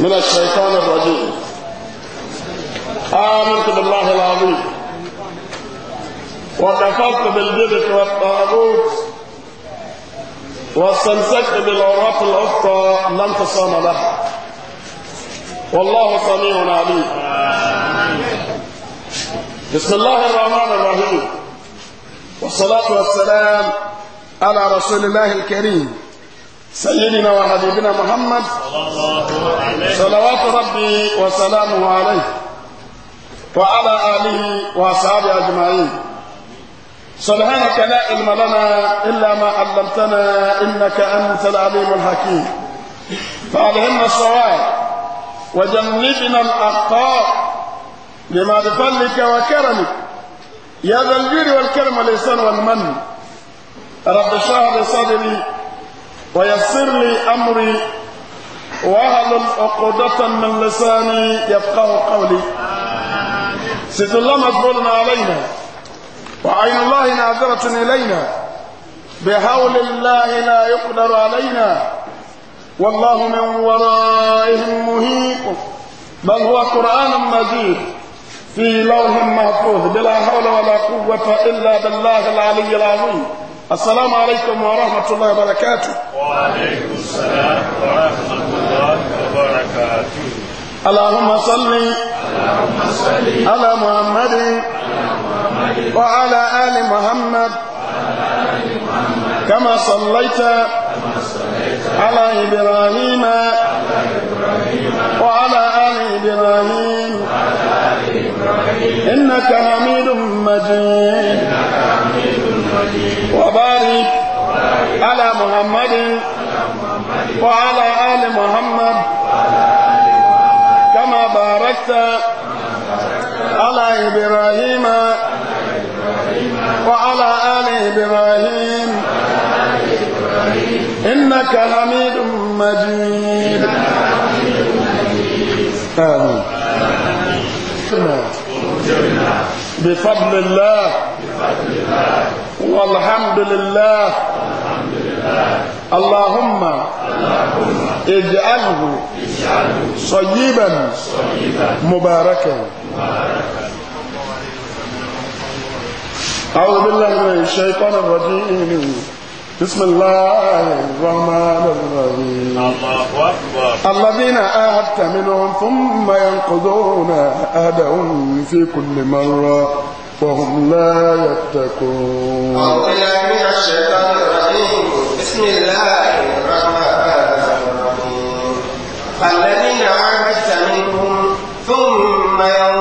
من الشيطان الرجيم آمنت بالله العظيم وكفرت بالجبت والطاغوت واستمسكت بالعراق الأخرى لم تصام لها والله سميع عليم بسم الله الرحمن الرحيم والصلاة والسلام على رسول الله الكريم سيدنا وحبيبنا محمد صلوات ربي وسلامه عليه وعلى آله وأصحابه أجمعين سبحانك لا علم لنا إلا ما علمتنا إنك أنت العليم الحكيم فألهمنا الصواب وجنبنا الأخطاء بما بفضلك وكرمك يا ذا الجير والكرم والإحسان والمن رب اشرح لي صدري ويسر لي أمري وأهل عقدة من لساني يفقه قولي سيد الله مجبول علينا وعين الله ناظرة إلينا بحول الله لا يقدر علينا والله من ورائهم مهيب بل هو قرآن مجيد في لوح محفوظ بلا حول ولا قوة إلا بالله العلي العظيم السلام عليكم ورحمة الله وبركاته وعليكم السلام ورحمة الله وبركاته اللهم صل اللهم محمد على محمد وعلى آل محمد كما صليت على إبراهيم وعلى آل إبراهيم إنك حميد مجيد وبارك على محمد وعلى آل محمد كما باركت على إبراهيم وعلى آل إبراهيم إنك حميد مجيد آمين بفضل الله والحمد لله اللهم اجعله صيبا مباركا أعوذ بالله من الشيطان الرجيم بسم الله الرحمن الرحيم الله أكبر الذين آهدت منهم ثم ينقضون أهدهم في كل مرة وهم لا يتقون أعوذ بالله من الشيطان الرجيم بسم الله الرحمن الرحيم فالذين عاهدت منهم ثم يوم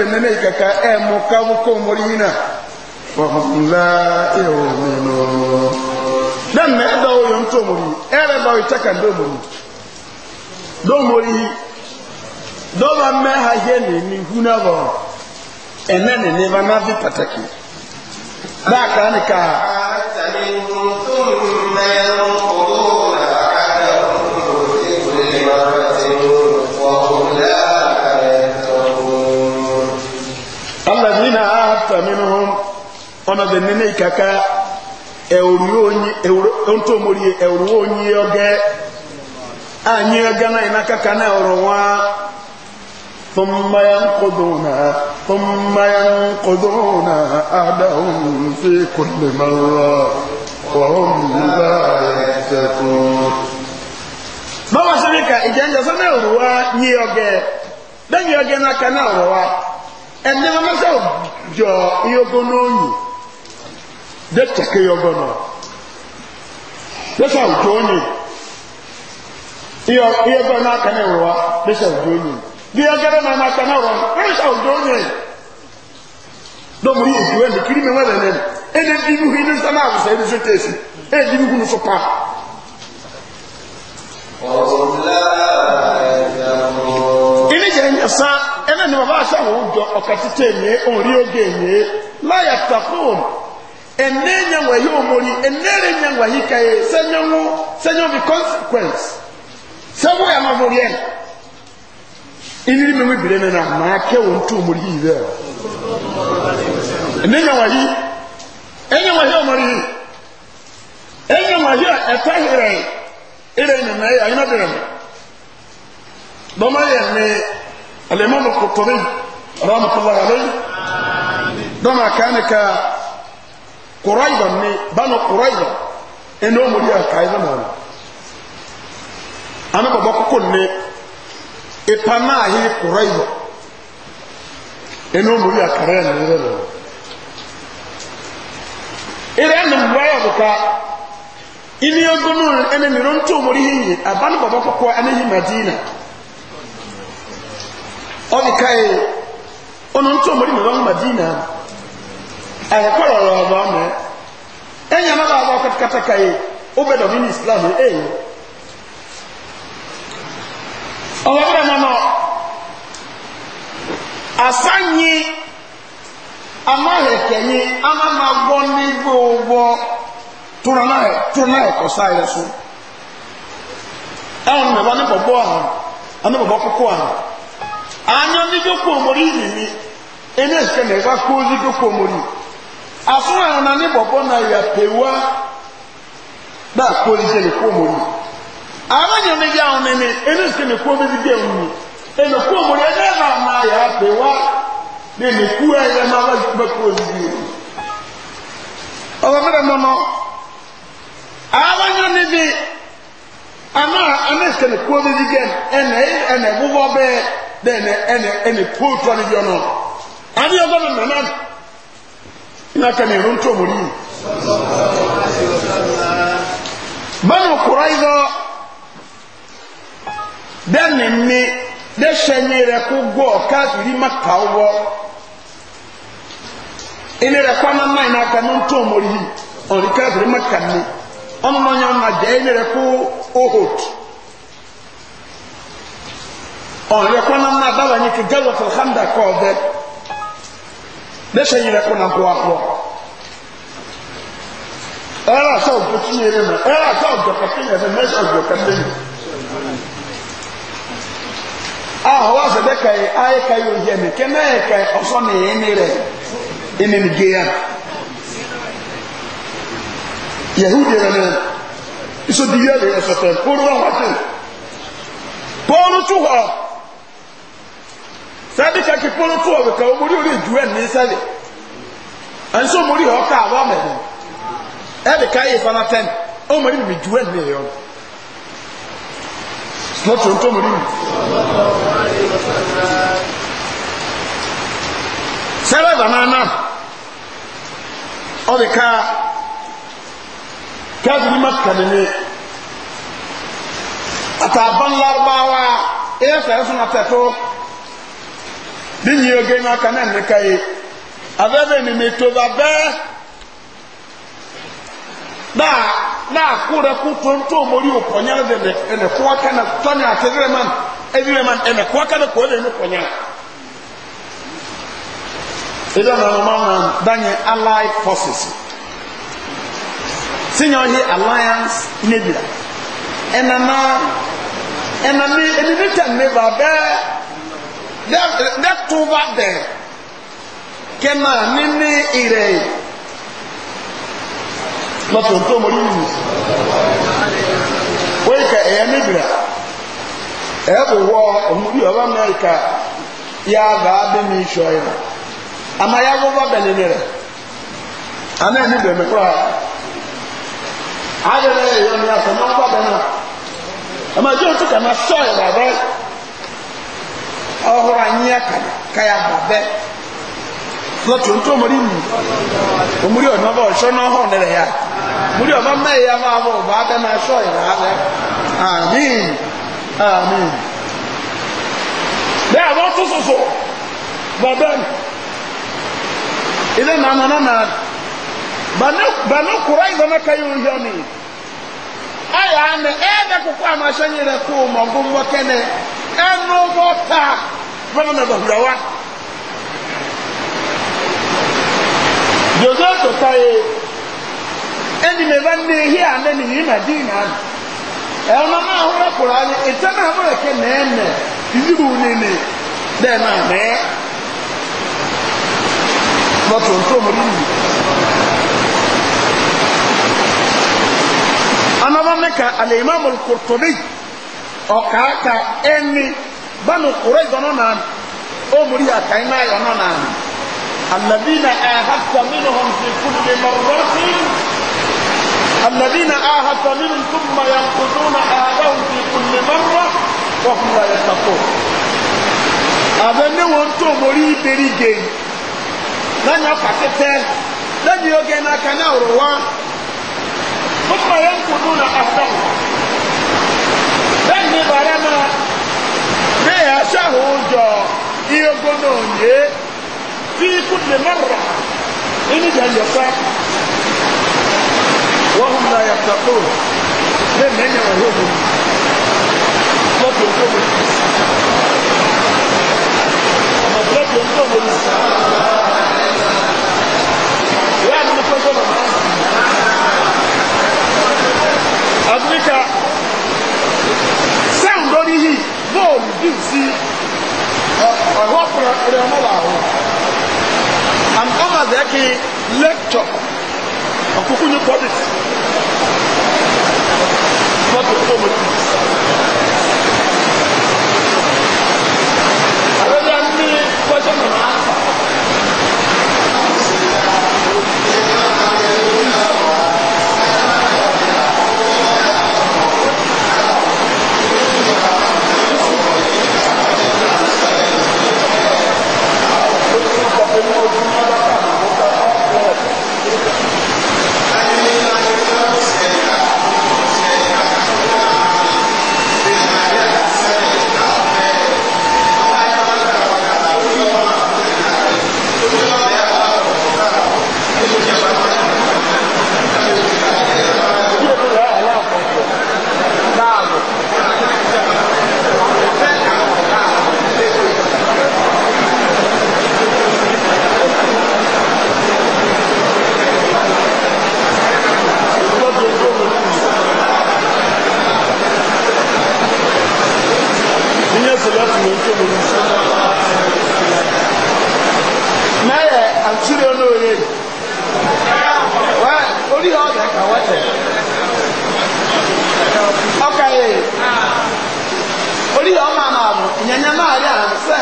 bɛ nɛnɛ yi ka kan kabu yina tó mori ẹ bá yìí tẹ́ka dó mori dó mori dọ́wọ́ mẹ́ ha yẹ nìyí húnà bọ̀ bá náà fi pàtàkì. ọdẹ nínú ìkàkà ẹ̀wòrúwònyí ẹ̀wòrúwònyí ọgẹ́ ànyí ọgẹ́ náà iná kàkà náà ọ̀rọ̀ wọn ثم ينقضون ثم ينقضون عهدهم في كل مرة وهم لا يتقون báwọn ṣe ní ká ìjẹ́njẹ́ sọ́nà òrùwá yí ọgẹ́ lẹ́yìn ọgẹ́ náà kan náà rọ̀wá ẹni ọmọ sọ jọ iye ogun lóyìn dé tẹ̀kẹ́ yọ gbọ́nà dẹ́sẹ̀ òjò onye iye gbọ́n náà kan ẹ̀rọ wa dẹ́sẹ̀ òjò onye bí iye gbọ́n náà náà kan ẹ̀rọ wa dẹ́sẹ̀ òjò onye dọ́mù yìí ìdúwẹ́ mi kiri mi wẹ́lẹ̀ nẹ́nu ẹni ẹni ibi hu ní sábà àwùsá ẹni sọ́tẹ̀ èsì ẹni ibi hu ní so pa. ilé jẹ́ ẹ̀yẹ sá ẹ̀nà ni bàbá aṣáwó ọkà títẹ̀ ẹ̀yẹ òun rí oge ẹ̀yẹ láyà tàkùn ene nyangwa yi omori enere nyangwa yi kaye senyango senyo bi consequence sabo ya mamori en iniri mimi bire ne na ma ke won tu omori yi be ene nyangwa yi ene nyangwa yi omori yi ene nyangwa yi eta hire ire ne me ya ina bire me doma ye ne al-imam al-qutubi rahmatullahi alayhi doma kanaka Quraiza ni banu Quraiza eno mu dia kai na na ana baba ko ne ipana ahi Quraiza eno mu dia kare na na na ire na waya buka ini ogomu ene mi ron to mori hin abanu baba ko ko ene hi Madina oni kai ono to mori mi ron Madina ayi ko ro ro ba ɛnyɛ ma baa bɔ katakata ka yi o bɛ dɔn ni islam ee eh. ɔwɔ bɛ ma nɔ asanyi ama hɛkɛnyi ama ma gbɔ ni gbogbo tura na yɛ tura na yɛ kɔsa yɛ so ɛn na ba ne bɔ bɔ ahɔ bɔ bɔ koko ahɔ omori yi ni ɛn na yɛ sɛ na omori yi. asono ana ne na ya pewa na akɔli sɛ ne kɔn mu ni ama nyɛ ne gya ahome ne ɛne na ma yɛ pewa ne ne ku a yɛ ma ba ba kɔn mu bi ama nyɛ ne bi ama ɛne sɛ ne kɔn mu bi gya ɛne ɛne bobɔ bɛɛ ɛne ɛne ɛne pootu ɔne n'aka na ìrún tó mòrí yìí bẹ́ẹ̀ni kúrọ́ ìzọ́ dẹ́ni mi dẹ́sẹ̀ni rẹ̀ kó gbọ́ káàkiri má kà ó wọ́ ilé rẹ̀ kwana náà iná aka ní tó mòrí yìí ọ̀rí káàkiri má kà ní ohot ọ̀rí rẹ̀ kwana náà dábàá yẹn kí gẹ́lọ́tò hàndà kọ́ ọ bẹ́ẹ̀ ne sɛ yɛrɛ kɔ na ho ahoɔ ɛyɛrɛ asɛ ɔdɔ ti yɛrɛ mɛ ɛyɛrɛ asɛ ɔdɔ kɛse yɛrɛ a hɔn asɛ bɛ ka a yɛ ka yi o yɛ mi kɛnɛ yɛ ka yi ɔsɔ ne yɛ ne rɛ ɛnɛ mi gé ya yahudi yɛrɛ mɛ isodiya yɛrɛ sɔtɛ kóró wa wá sí pɔnru hɔ sáàdì kí akíkpọ́nù tó ọ̀rọ̀ kan omori orí ìjú ẹ̀ ní sẹ́lẹ̀ ẹ̀nsó omori ọ̀ka àwọn mẹ́rin ẹ̀dì káyé fana tẹ́n omori mi ìjú ẹ̀ ní ẹ̀yọ́ lọ́tún tó omori mi. sẹ́lẹ̀ banana ọ̀dì ká káàdì ní mọ́tìkàdì ní àtàbọ̀nlárúbáwá ẹ̀yẹ́sẹ̀ ẹ̀sùn àtẹ̀tọ́ ninyi oge n'aka na nneka ye abebe ni metoba bɛɛ Na naa kura ko tonto mori o kɔnya de ne ɛnɛ kɔn aka na tɔni a tɛdɛ man ɛdɛ man ɛnɛ kɔn aka na kɔn de ne kɔnya ɛdɛ na ɔma na danye allied forces sinya ɔye alliance nebula ɛnana ɛnana ɛnini tɛ neba bɛɛ. dẹ́tuba bẹ̀ kẹ́nà níní ìrẹ̀ lọ́tọ̀ tó mọ̀ yìí e kẹ ẹ̀yẹ níbìrà ẹ̀yẹ kò wọ ọmọdé ọba ka ya bá bẹ́ mi sọ ya àmà yá gbọ́dọ̀ bẹ̀ nínú rẹ̀ àmà ẹ̀ níbẹ̀ mẹ́kúrà ayẹyẹ ẹ̀yọ ni àfẹ́ mọ́ bá bẹ̀ náà àmà jẹ́ òtún ọhụrụ anyị ya ka ya ma bẹ lọtụ ntụ omori mu ọnọba ọsọ n'ọhụrụ nere ya omori ọba ya ma bụ abịa na achọ ịra abịa amin amin bẹẹ àwọn tó soso bàbá na ilé nàánà nàánà bàánú kura ìgbàna kayo yọ ni ẹnu wọ́ta bọ́lá mẹ́bà hùrà wá. Jòzó sọ̀tà yẹ ẹni mẹ́bà ní ehi àná ni yìí màdí nà án. Ẹ̀rọ náà máa hó ẹ̀kọ́rọ̀ ayé ìtẹ́ náà mọ̀ ẹ̀kẹ́ nẹ́ẹ̀nẹ̀ ìdíbò nínú bẹ́ẹ̀ náà mẹ́ẹ̀. Lọ́tọ̀ ntọ́mọ̀ nínú. Anamọ́mẹ́ka àlè ìmáàmù kòtòbí ọ̀kaaka ẹni bánu kúrẹ́ ìgbọ́nọ́ náà ọmọdé àkàyìn náà yọ̀nọ́ náà alàbínà àhàtà nínú hàn fi kúrò lè lọ́rọ́ sí alàbínà àhàtà nínú túnmà yà kúrò náà àhàdáhùn fi kúrò lè wọ́n fún wa yẹ sàkó. àbẹ ní wọn tó ọmọdé ìbéèrè gè lẹ́yìn pàtẹ́tẹ́ lẹ́yìn oge náà rọ̀ wá túnmà yà kúrò náà àhàdáhùn bẹ́ẹ̀ni barama bí ẹ̀ ṣàhójọ iye gbọ́dọ̀ yé tí kúndé mọ́rọ̀ inú ìdájọ́ pa wọ́n ń la yàtọ̀ tó bẹ́ẹ̀ mẹ́yìn àwọn yóò bọ̀ lọ́tọ̀ tó bọ̀ ọmọ lọ́tọ̀ tó bọ̀ ní sàn. Láàrin ní pẹ́ sọ́dọ̀ máa ń sàn. Àdúríkà. dìsí ọ̀rọ̀ pẹ̀rẹ̀ ọmọ wà hù and others yẹ kí lecture ọ̀kúkú ní politics not to promote peace.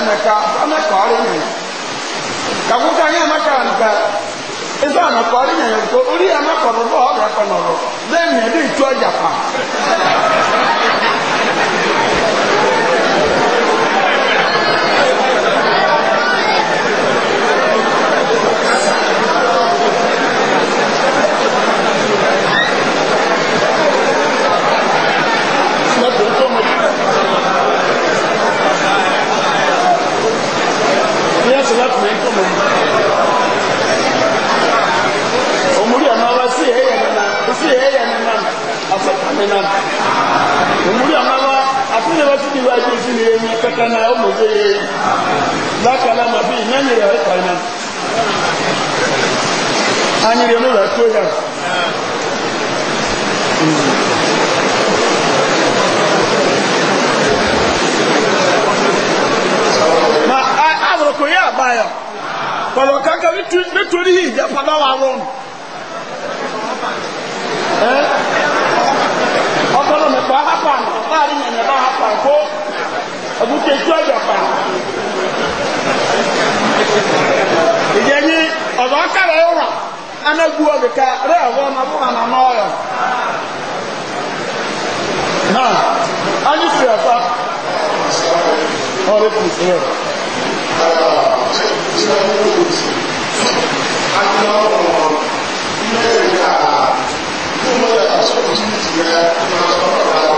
mɛka ɔmɛ kɔɔri nyɛ kakuta nyɛ mɛka nka ɛsɛ ɔmɛ kɔɔri nyɛ yɛ ko ori yɛ mɛkɔrɔ bɔ ɔbɛ kɔnɔrɔ bɛ mɛ de tu ɔdza pa. ẹ̀rọ tí ti wájú sí ni ẹ̀yìn kẹta náà ó mọ̀ sí ẹ̀yìn lákàlà mà bí ìnáyìn rẹ̀ ẹ̀kọ́ iná anyiri ọ̀nà rẹ̀ tó yà. ma àbùrù kò yá àbáyọ pẹ̀lú kankan nítorí yìí ìjẹ́pàdà wà wọ́n pa àná láàrin yẹn bá a pa kó ẹ̀bùtẹ̀ tí ọjọ́ pa. ìyẹn ní ọ̀dọ́ kárẹ̀ ọ̀rọ̀ anagu ọ̀dùkà rẹ̀ ọ̀bọ̀ ọ̀nà fún àná n'ọ̀yọ̀. náà anyị si ọ̀fà ọrụ fún ìṣẹ́ Thank you.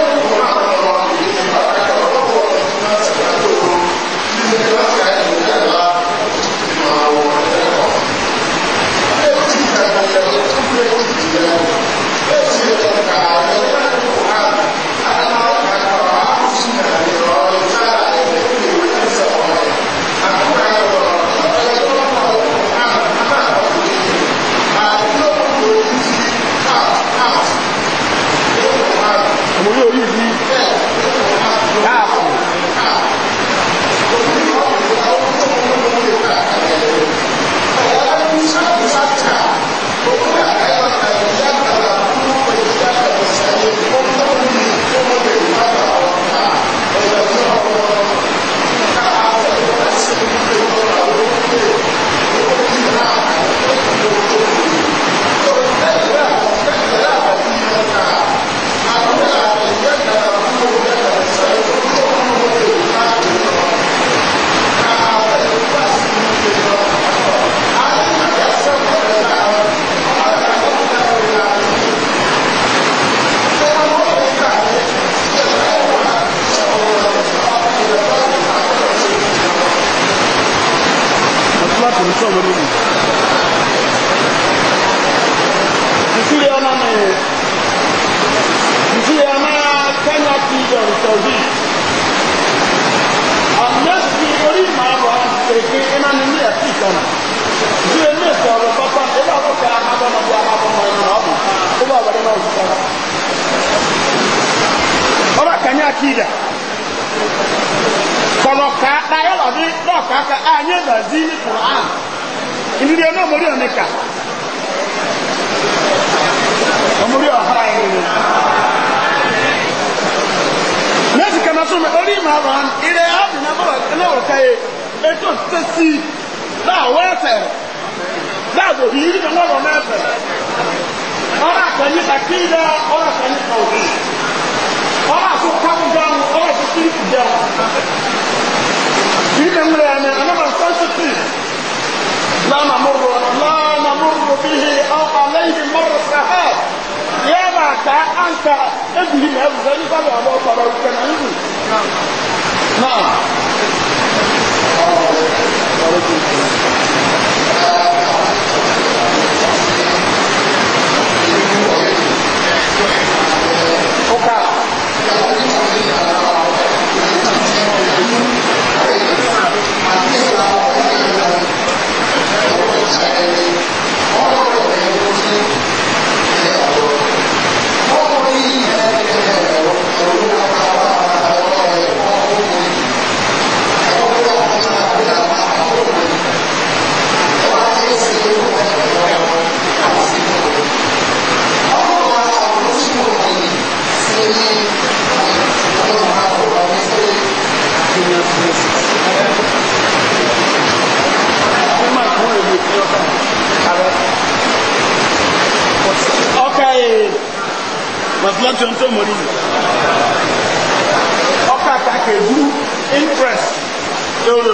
No, no, lɛ yɛ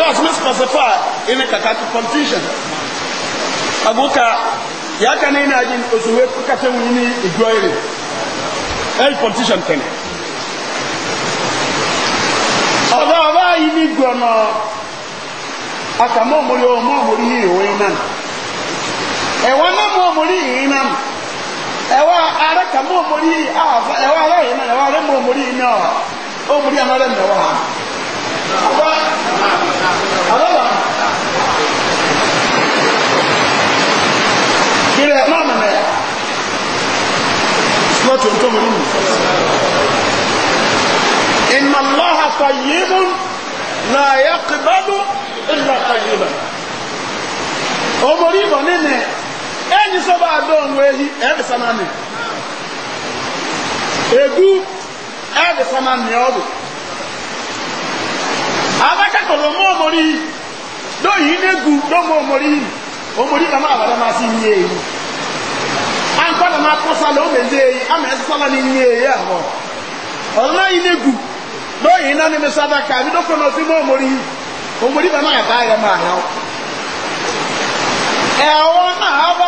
was sɔrɔ in a ɛna ka taa kɔmpitishɛn a b'o ka y'a ka ne n'a ye osuwe ka se wuli ni ìjọ yɛrɛ ɛyɛ kɔmpitishɛn tɛnɛ ɔbɛ ɔbɛ ayi ni gbɔnɔ a ka mɔmɔri o mɔmɔri yi o yɛ nan ɛwɔ ne mɔmɔri yi nan ẹwà ara kà mọ ọmọdé yìí àfọ ẹwà ara yìí náà ẹwà ara mọ ọmọdé yìí náà ọmọdé àwọn ọrẹ mẹwà ha ọba ọlọba kílẹ náà mọ sọ tuntun mi nù ìnà lọ́hà fàyímù náà yẹ kìbálù ìnà fàyímù ọmọdé bọ̀ nínú. enyi so ba adọ onwe ehi ebisa na nị egu ebisa na nị ọdụ abaka kọrọ mụ omori doyi n'egwu domo omori omori ka ma abada masị ihe eyi ankwa na na-apụsala o mezi eyi ama esisala n'ihe eyi ahụ ọzọ naghị n'egwu doyi na n'ime sadaka bidokwa n'otu n'omori omori ka ma ya taa ya ma ahịa ẹ̀wọ́n náà bá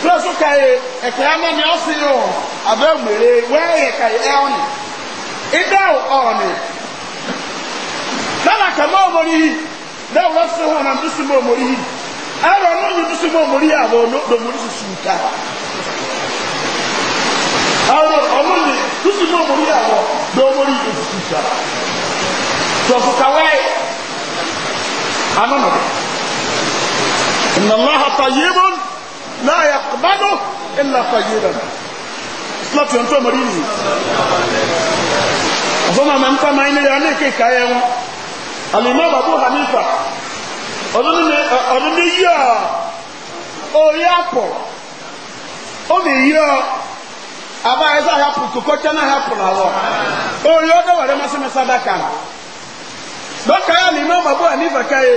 fúlẹ́sù kàyé ẹ̀kẹ́ ẹ̀mọ́ mi ọ̀sì yìí ọ̀ abẹ́ òmìnira wẹ́ẹ̀yẹ kàyé ẹ̀ ọ̀nì ìdá ọ̀nì lọ́la kàmá ọmọdé yìí lẹ́wọ̀ lọ́sí hàn náà ndúsí mọ́ ọmọdé yìí ẹ̀rọ ọ̀nà ní ndúsí mọ́ ọmọdé yìí àbọ̀ ọmọdé sì sùn ká ẹ̀rọ ọ̀nà ní ndúsí mọ́ ọmọdé yìí àbọ̀ ọmọdé yìí sì ká tọ̀fù kàwé anọ́nà لا يقبله إلا طيبا islam tí wọ́n tó mọ̀rí nìyí ọ̀fọ́mà máa ń pa máa ń yára ní kéka ẹ̀ wọn alimọ́ babu hanifa ọdún ní yíyọ orí àpọ̀ ó lè yíyọ abáyẹsẹ àyàpọ̀ kòkòtẹ́ náà àyàpọ̀ làwọ̀ orí ọdọ wàrẹ́ mọ́sẹ́mẹ́sẹ́ dákà dọ́kà hanifa káyé.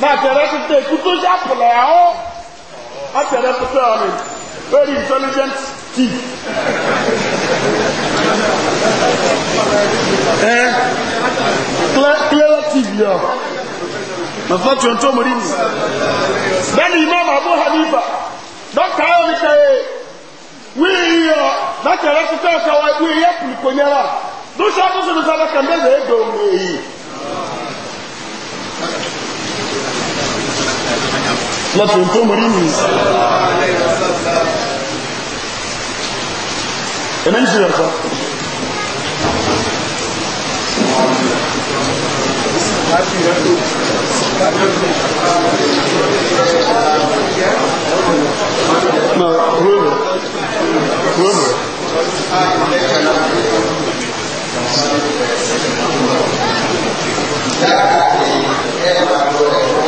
na tere tete ekuto si apolo ya ho atere tete ya ni very intelligent tea ẹ clear tv yọ nafa tuntun mo ri mi bẹẹni imam abu hanifa dọkita ayọ mi ka ye wíì yọ látẹrẹ tete ọsẹ wa wíì yẹ kùlùkọ nyẹra lóṣù àkóso mi sábà kàn bẹẹ bẹẹ dọwọ mi èyí. lọ́tún tó mọ̀ nínú ẹ̀mẹ́ ní ṣílẹ̀ Thank you.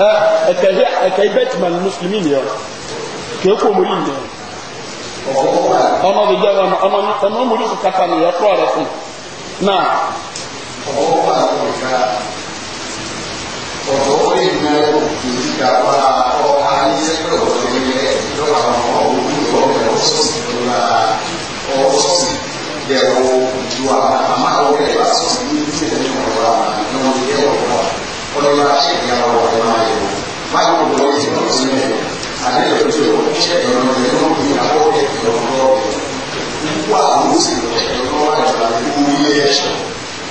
ẹ̀kẹ́ bẹ́tìmà ní mùsùlùmí ni ọ kìí kó mórí ni ọmọ bí jẹ́ wọn ọmọ mórí kò kàtà ni ẹ̀kọ́ rẹ̀ fún náà. ọ̀pọ̀ wà lórí ká ọ̀pọ̀ wọ́n yìí ní ìdí ká wá ọ̀pá ní sẹ́kọ̀rọ̀ ọ̀sẹ̀ yẹn lọ́wọ́ àwọn olùkọ́ ọ̀sọ̀sì tó la ọ̀sọ̀sì yẹ̀ wọ́n ju àwọn ချက်တော်ကိုဒီအော်တဲ့တော်တော်ဘာလို့စီလို့လဲတော့အဲ့ဒါကဘူးရဲ့ချက်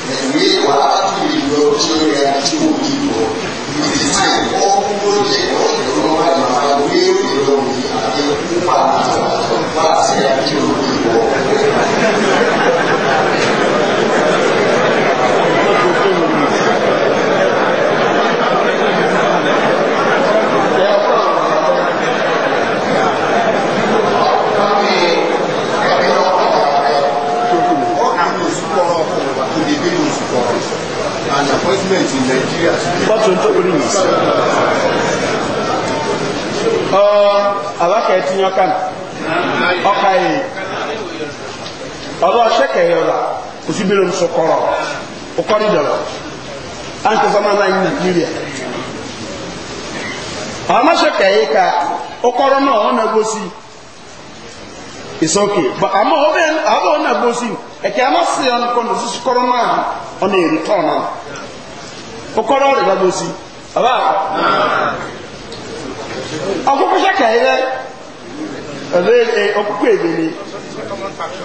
ဒီဝေးဝါအတူတူလို့ဆိုရတာသူ့ဒီပေါ်ဒီစိုက်ဘောဘူးတဲ့တော့တော့ဘာမှမဝေးဘူးလို့အဲ့ဒါကဘာလဲဘာဆရာကျူဒီပေါ် appointment in Nigeria. Ọ àbákẹ́ tinye ọkà nù. Ọkà yìí. Ọlọ́ ṣẹ́kẹ̀ yọ la, òsì bèrè nsọ kọ̀rọ̀, ọkọ̀rì dọ̀rọ̀. À ka ọkọ̀rọ̀ náà ọ̀nà gbòsì. It's okay. But àmọ́ ọ̀bẹ̀ ọ̀nà gbòsì. Ẹ̀kẹ́ àmọ́ sí ọ̀nà kọ́ndọ̀sí kọ́rọ̀ kɔkɔrɔ de ba gosi ɔba ɔkoko sɛ kɛyɛ dɛ ɛbɛ ɛ ɔkoko ebele e,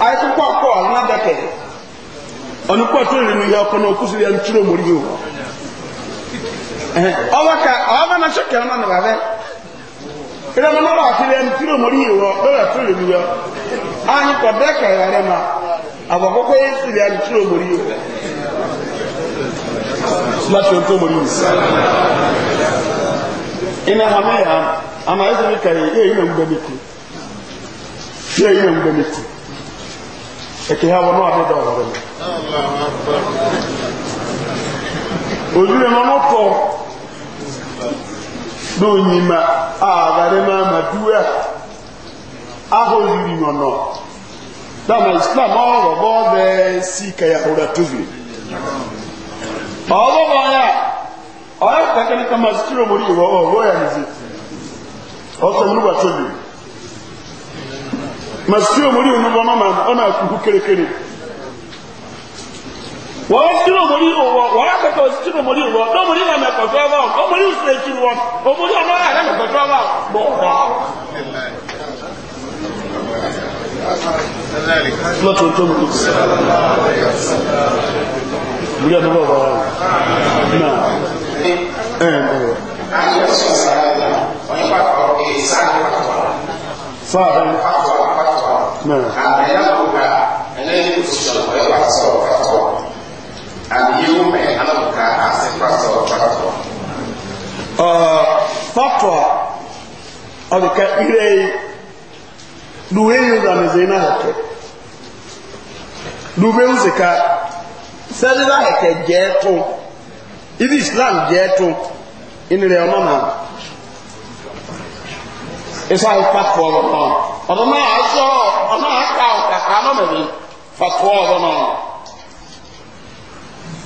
ayi koko ɔkɔ ɔlɔna bɛ kɛ ɔnu kɔ tó lé nu yɛ ɔkɔ náà ɔkusi yɛ ntúrò mori yio ɔba ka ɔba na sɛ kɛyɛ ɔna naba bɛ ìrẹ̀mọ̀ náà wà kiri ẹni tíro mọ̀rí ìwọ̀ lọ́rẹ̀ tó lè wíwọ́ a ń kọ̀ bẹ́ẹ̀kẹ̀ rẹ̀ ma àbọ̀kọ́kọ́ yẹ́ sílẹ̀ ẹni tíro mọ̀rí ìwọ̀ láti ohun tó mọ̀ nínú. Iná hàmé yà àmà ẹ̀sẹ̀ mi kà yìí yéèyí nà ń gbẹ mi kú. Yéèyí nà ń ha wọ náà dídọ̀ ọ̀rọ̀ mi. Òjúlẹ̀ mọ́ mọ́tọ̀ lónìí ma àgàdé máa ma ya ọwọ́ bọ̀ ya ọ̀yọ́ kẹ́kẹ́ ní kama sítírò mórí ìwọ̀ ọ̀wọ́ ya nìzí ọ̀sẹ̀ múlùbà tó lè ma sítírò mórí ìwọ̀ ọmọ ma ọ̀nà àkùkù kérékéré wọ́n sítírò mórí ìwọ̀ wọ́n kẹ́kẹ́ sítírò mórí ìwọ̀ ọ̀dọ́ mórí ìwọ̀ mẹ́kọ̀tọ́ ọba ọ̀ mórí ìsìlẹ̀ ìkiri wọn ọ̀ mórí ọmọ ààrẹ mẹ́kọ̀tọ́ ọba bọ̀ ọ̀dọ́ Lọ́tọ̀ọ̀tọ̀ mú kí bí ọdún bọ̀ bọ̀ náà ẹ̀ bọ̀. sáà fatwa ọdụka ire duwe yi ụzọ na zai na-ahụ dube ụzọ ka sẹ́díbà ẹ̀kẹ́ jẹ́ tó ibi islam jẹ́ tó ìnirẹ̀ ọmọ náà isa ifa kọ ọrọ náà ọdọ náà aṣọ ọdọ náà ká ọkàkà anọmọbi fatuwa ọrọ náà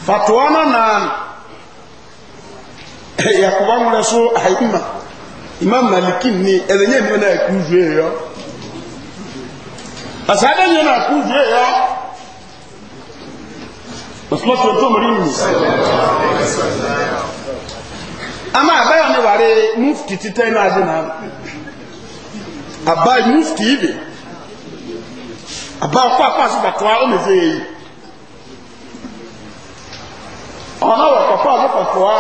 fatuwa náà yakuba ŋmɛrɛ so ayima imam maliki ni ɛdɛ nyɛ nyɛ na akuzu yɛ yɔ asaadɛ nyɛ na akuzu yɛ yɔ òsùmọ́sí ojú òmùrí nù. àmà àbáyọ̀ ni wàrí mufti títẹ́ inú ajé náà àbá mufti ibè àbá ọkọ̀ àpá àti bàtọ́ ọmọ ìfẹ́ yìí ọ̀nà wọ̀ kọ̀kọ́ àbúkọ̀kọ́ wa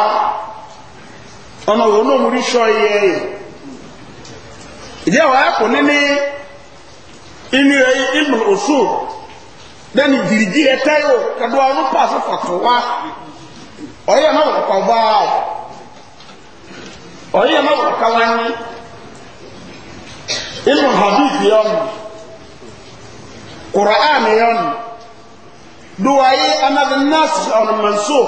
ọ̀nà wọ̀ ní òmùrí sọ iye ìdí ẹ̀wọ̀ ẹ̀kọ́ níní inú ẹ̀yìn ìmùlò òṣù dẹ́ni ìdìrìjì rẹ o kẹ́dùn ọ̀nù pàṣẹ fàtó wá ọ̀yẹ́ náà wọ̀ kọ́ bá ọ̀yẹ́ náà wọ̀ kọ́ wá ní inú hadith yẹn nù qur'an yẹn nù duwaye anadi nurse ọ̀nà mọ̀nsó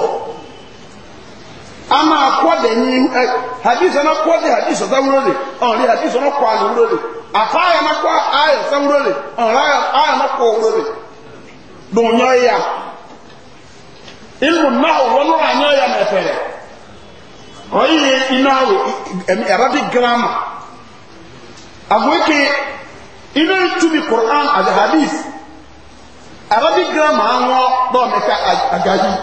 ama akɔde nyi ɛ hadith ɔna kɔde hadith ɔta wuro de ɔn hadith kɔ ano wuro de na kɔ ayɛ wuro de wuro donyoya ilmu nahu wani ranyoya na efere oyi inawo arabi grammar agweke ina tumi qur'an as hadis arabi grammar anwo do meka agaji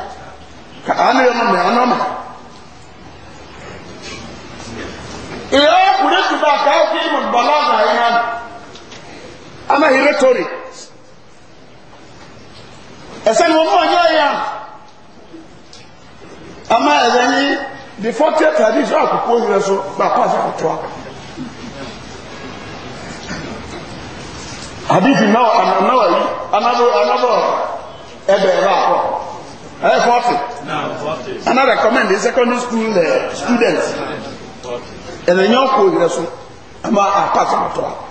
ka anu yomo me anoma kure tuba ka ke mun balaga ina ɛsɛ ni wɔn mu ɔnyɛ ya ama ɛsɛ ni before tɛ tadi so akoko yɛ so baako asɛ kotoa hadithi nawa ananawa yi anabo anabo ɛbɛrɛ akɔ ɛyɛ forty ana recommend the secondary school uh, students ɛnɛ nyɛ ɔkò yɛ so ama akɔ asɛ kotoa.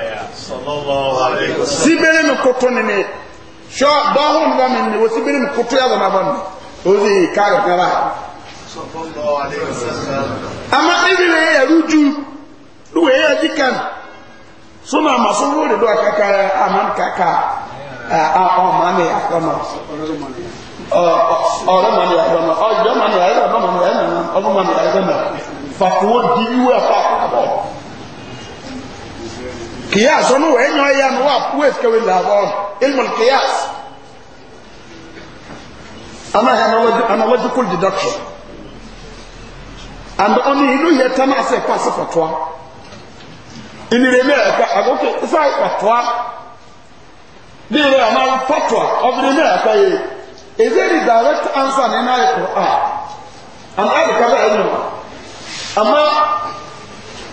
sibere mi koto ni ni sọ dọ́hùn bá mi ni o sibere mi koto yàtọ̀ náà bá mi o sì káàrọ̀ kára. ama ibi na yẹ ruju duwe yẹ ji kan sọmọ amaso wo de do akaka yẹ aman kaka ọmọ mi akọmọ ọ̀rọ̀ mọ̀ ní ẹ̀rọ mọ̀ ọjọ́ mọ̀ ní ẹ̀rọ mọ̀ ní ẹ̀rọ mọ̀ ọmọ mọ̀ ní ẹ̀rọ mọ̀ fàkúwò di wíwẹ̀ fàkúwò kìyàs ọ̀nà wẹ̀ ẹ̀yàn ẹ̀yà ni wà kú èsìkèwé làbọ̀ ilmù kìyàs analogical deduction and ọ̀nà ìlú yẹ tẹ́lẹ̀ àṣẹ ẹ̀kọ́ àṣẹ pàtọ́à ìnirẹ̀mẹ̀ ẹ̀ka àgókè ṣáà pàtọ́à bí ìrẹ̀ àmà pàtọ́à ọ̀bìnrin ẹ̀ka yẹ is there a direct answer nínú ayé kùrọ̀ à àmà ẹ̀ka bẹ́ẹ̀ ẹ̀yàn àmà.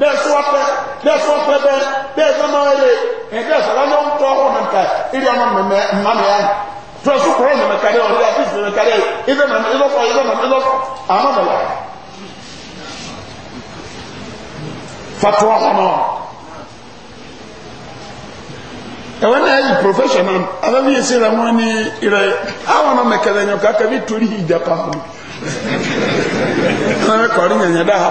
bẹ́ẹ̀ sọ ọpẹ bẹ́ẹ̀ sọ ọpẹ bẹ́ẹ̀ bẹ́ẹ̀ sọ ọmọ ẹlẹ ẹ̀dẹ́ sọ̀rọ̀ ní ọ̀hún tọ́ ọ̀hún nǹkan ìdí ọmọ mẹ̀mẹ́ mmanù yẹn tó ẹ̀sùn kúrò mẹ̀mẹ́ kárẹ́ ìdí fatuwa kɔnɔ ɛwɛ náà yi professional ala bi ni irɛ awọn na mɛkɛlɛ nyɔ k'a kabi tori yi japa hɔn ɛwɛ da ha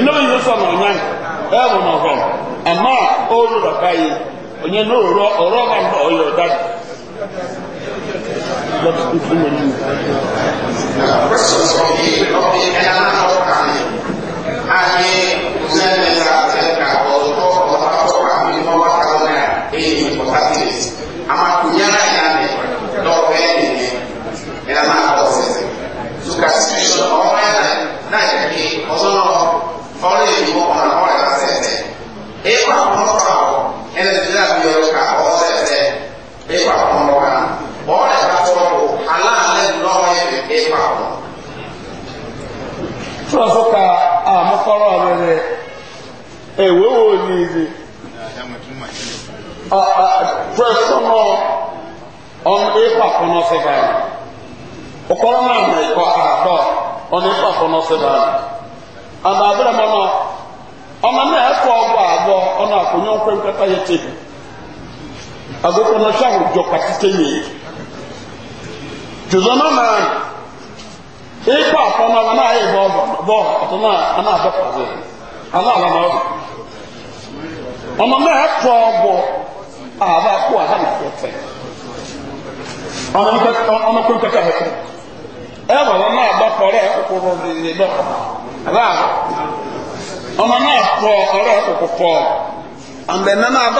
iná yìí sọ nà ọ̀nyá ẹ̀ wọ̀ nà ọ̀rọ̀ àmà ọ̀rọ̀ dọ̀ka yìí ọ̀nyẹ́ ní ọ̀rọ̀ ọ̀rọ̀ bá ń bọ̀ ọ̀yọ̀ dájú. Lọ́dún tó fún mi nínú.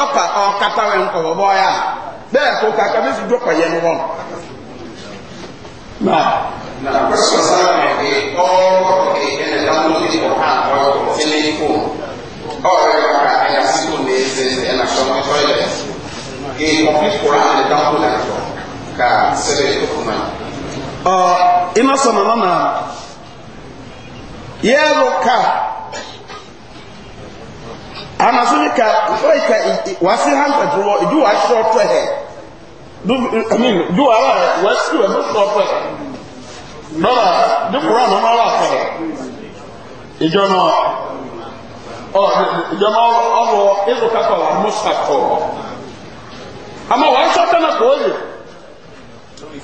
dɔkpa ɔkata wɛ nkɔbɔ bɔya bɛɛ kò kaka bɛ fi dɔkpa yɛ nubɔ. na na kwesí ọ̀sán rẹ̀ kí ọ̀rọ̀ kí ẹnì kan ló fi wọ̀ hàn ọ̀rọ̀ fi lé kó ọ̀rọ̀ yẹ kọ́ra ẹ̀yà sí kò ní ẹsẹ̀ ẹ̀nà sọ́mọ tọ́lẹ̀ kí kọ̀m̀pìtì kura ẹ̀nì kan kó lẹ̀ tọ̀ ká sẹ́lẹ̀ tó kú ma. ọ̀ iná sọ̀nà náà yẹ́rù ká ama so nika nika wasi hundred wɔ edu wa ahyɛ ɔtɔ hɛ du i mean du wa ara wasi wa ɛfɛ ɔtɔ hɛ dɔla ne kura na ɔma wa atɔ hɛ ìjọ náà ɔ ìjọ náà ɔwɔ ezo kakɔ wa musa kɔ ama wa ahyɛ ɔtɔ na kɔɔ yi lórí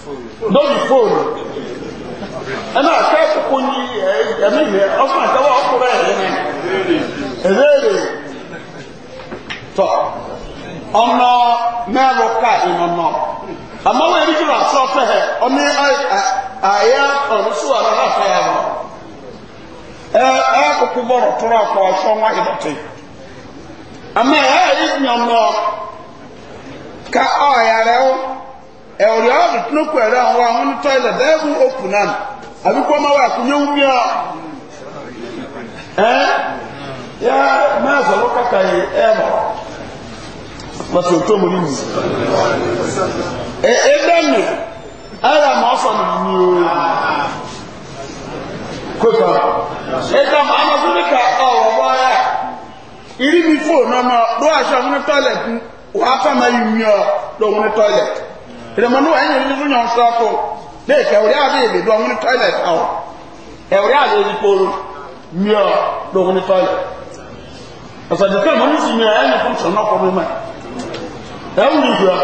fóònù ɛnna akẹ́kọ̀ọ́ nyi ɛmi yɛ ɔfún àtẹwọ́ ɔkùnrin yɛ ɛlẹ́rìí. tọ́ ọ̀nà mẹ́rọ káàdì nọ̀nà àmọ́ wọ́n ọmọ àyà ọ̀rọ̀ sí wà lọ́nà àfẹ́yà lọ. ẹ ẹ kókó bọ̀rọ̀ tọrọ àpò ọ̀ṣọ́ wọn yìí dọ̀tí. àmọ́ ẹ ẹ yìí nọ̀nà ká ọ̀yà rẹ̀ ó ẹ ọ̀rẹ́ ọ̀rẹ́ tó kù ẹ̀rẹ́ wàtí e, e, o tó mo ní nìyí. ẹ ẹ bẹ́ẹ̀ mi ara mọ̀ ọ́ sọ̀rọ̀ nìyí o. kókò ẹ dá mọ̀ àwọn tó ní ka ọ̀wọ̀ wọ́ ara ìrí mi fò nọ́nà ló aṣọ àwọn tọ́lẹ̀tì wà á fàmà yìí mi ọ lọ́wọ́ ní tọ́lẹ̀tì. ìrẹ̀mọ̀ ní wà ẹ̀yìn ìrírí fún yàn sọ́kù lẹ́ẹ̀kẹ́ òrí àbí èlé lọ́wọ́ ní tọ́lẹ̀tì àwọ̀ ẹ̀wọ̀rí àbí èlé kóró mi ọ lọ́wọ́ ní tọ́lẹ̀tì. ọ̀sàdìkẹ́ ẹ̀hún ní ìgbà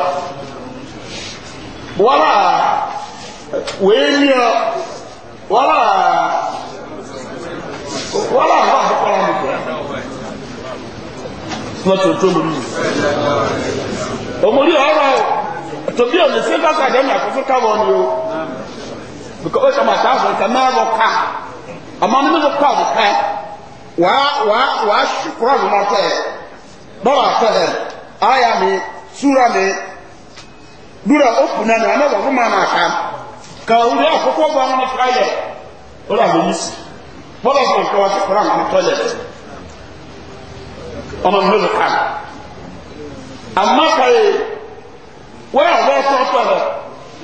wọ́lá wèé ní ọ wọ́lá wọ́lá àbá àkọ́kọ́lá ní ìgbà lọ́tọ̀ tó lórí òmòrí ọ̀rọ̀ tòbí ò lè ṣe dáṣà jẹ́ ní àkókò káwọn ni o because ó ṣe máa ṣáà fún ìtàmẹ́ ọ̀rọ̀ ká àmọ́ ní mímú ká ọ̀rọ̀ ká wàá wàá wàá ṣùkúrọ̀ ọ̀rọ̀ náà tẹ̀ bọ́ọ̀ àtẹ̀ ẹ̀ áyà mi sura ne dura opu na na ba kuma na ka ka uri akoko ba na prayer ora be nisi bola ko ko wa quran na toilet ona no le kan amma kai wala ba to to ba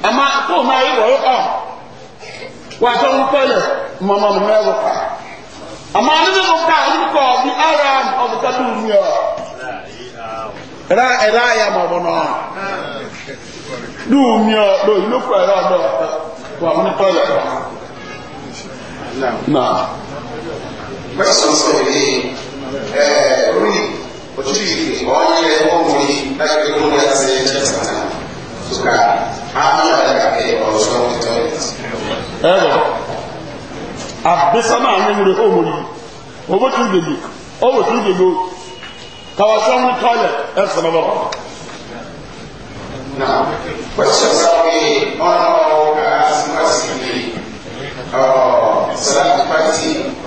amma ko ma yi wo ko wa to no toilet mo mo me wo ka amma ni ko ka ni ko bi aram of the dunya ẹ̀rá ayé do náà dùn ọ lò ìlókù ẹ̀rọ ọ̀dọ̀ wà ní tọ́lẹ̀ náà. mẹ́sàn-án sọ èyí rí òtútù ìgbè wọ́n yẹ wọ́n mú ní lágbègbè tó yà sí ẹ̀jẹ̀ tàtà sùkà àwọn to kàkẹ́ ọ̀rọ̀ sọ ní tọ́lẹ̀. ẹ̀rọ àbẹ́sánà àwọn ọmọ rẹ̀ ó mọ̀ yìí owó tún gbèdè owó Kawa show me toilet. That's the number one. Now, questions are we on our gas, mercy, uh, self-party,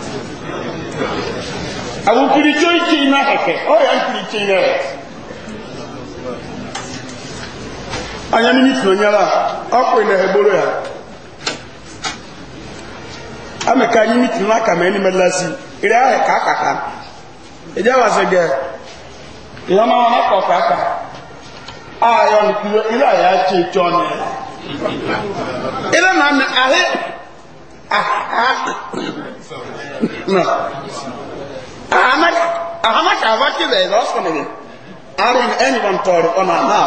awukiricho ichi ina heke oya nkiricho ina heke anya ni mitu nyala akwa ina heboro ya ameka anyi mitu na ka akaka eja wasege ila ma wana kwa kaka ayo ya chicho ne ila na ahe ah no ahamaka abaki bẹẹ bẹ ọsọ nìyẹn arin ẹnìyàn tọrọ ọnà náà.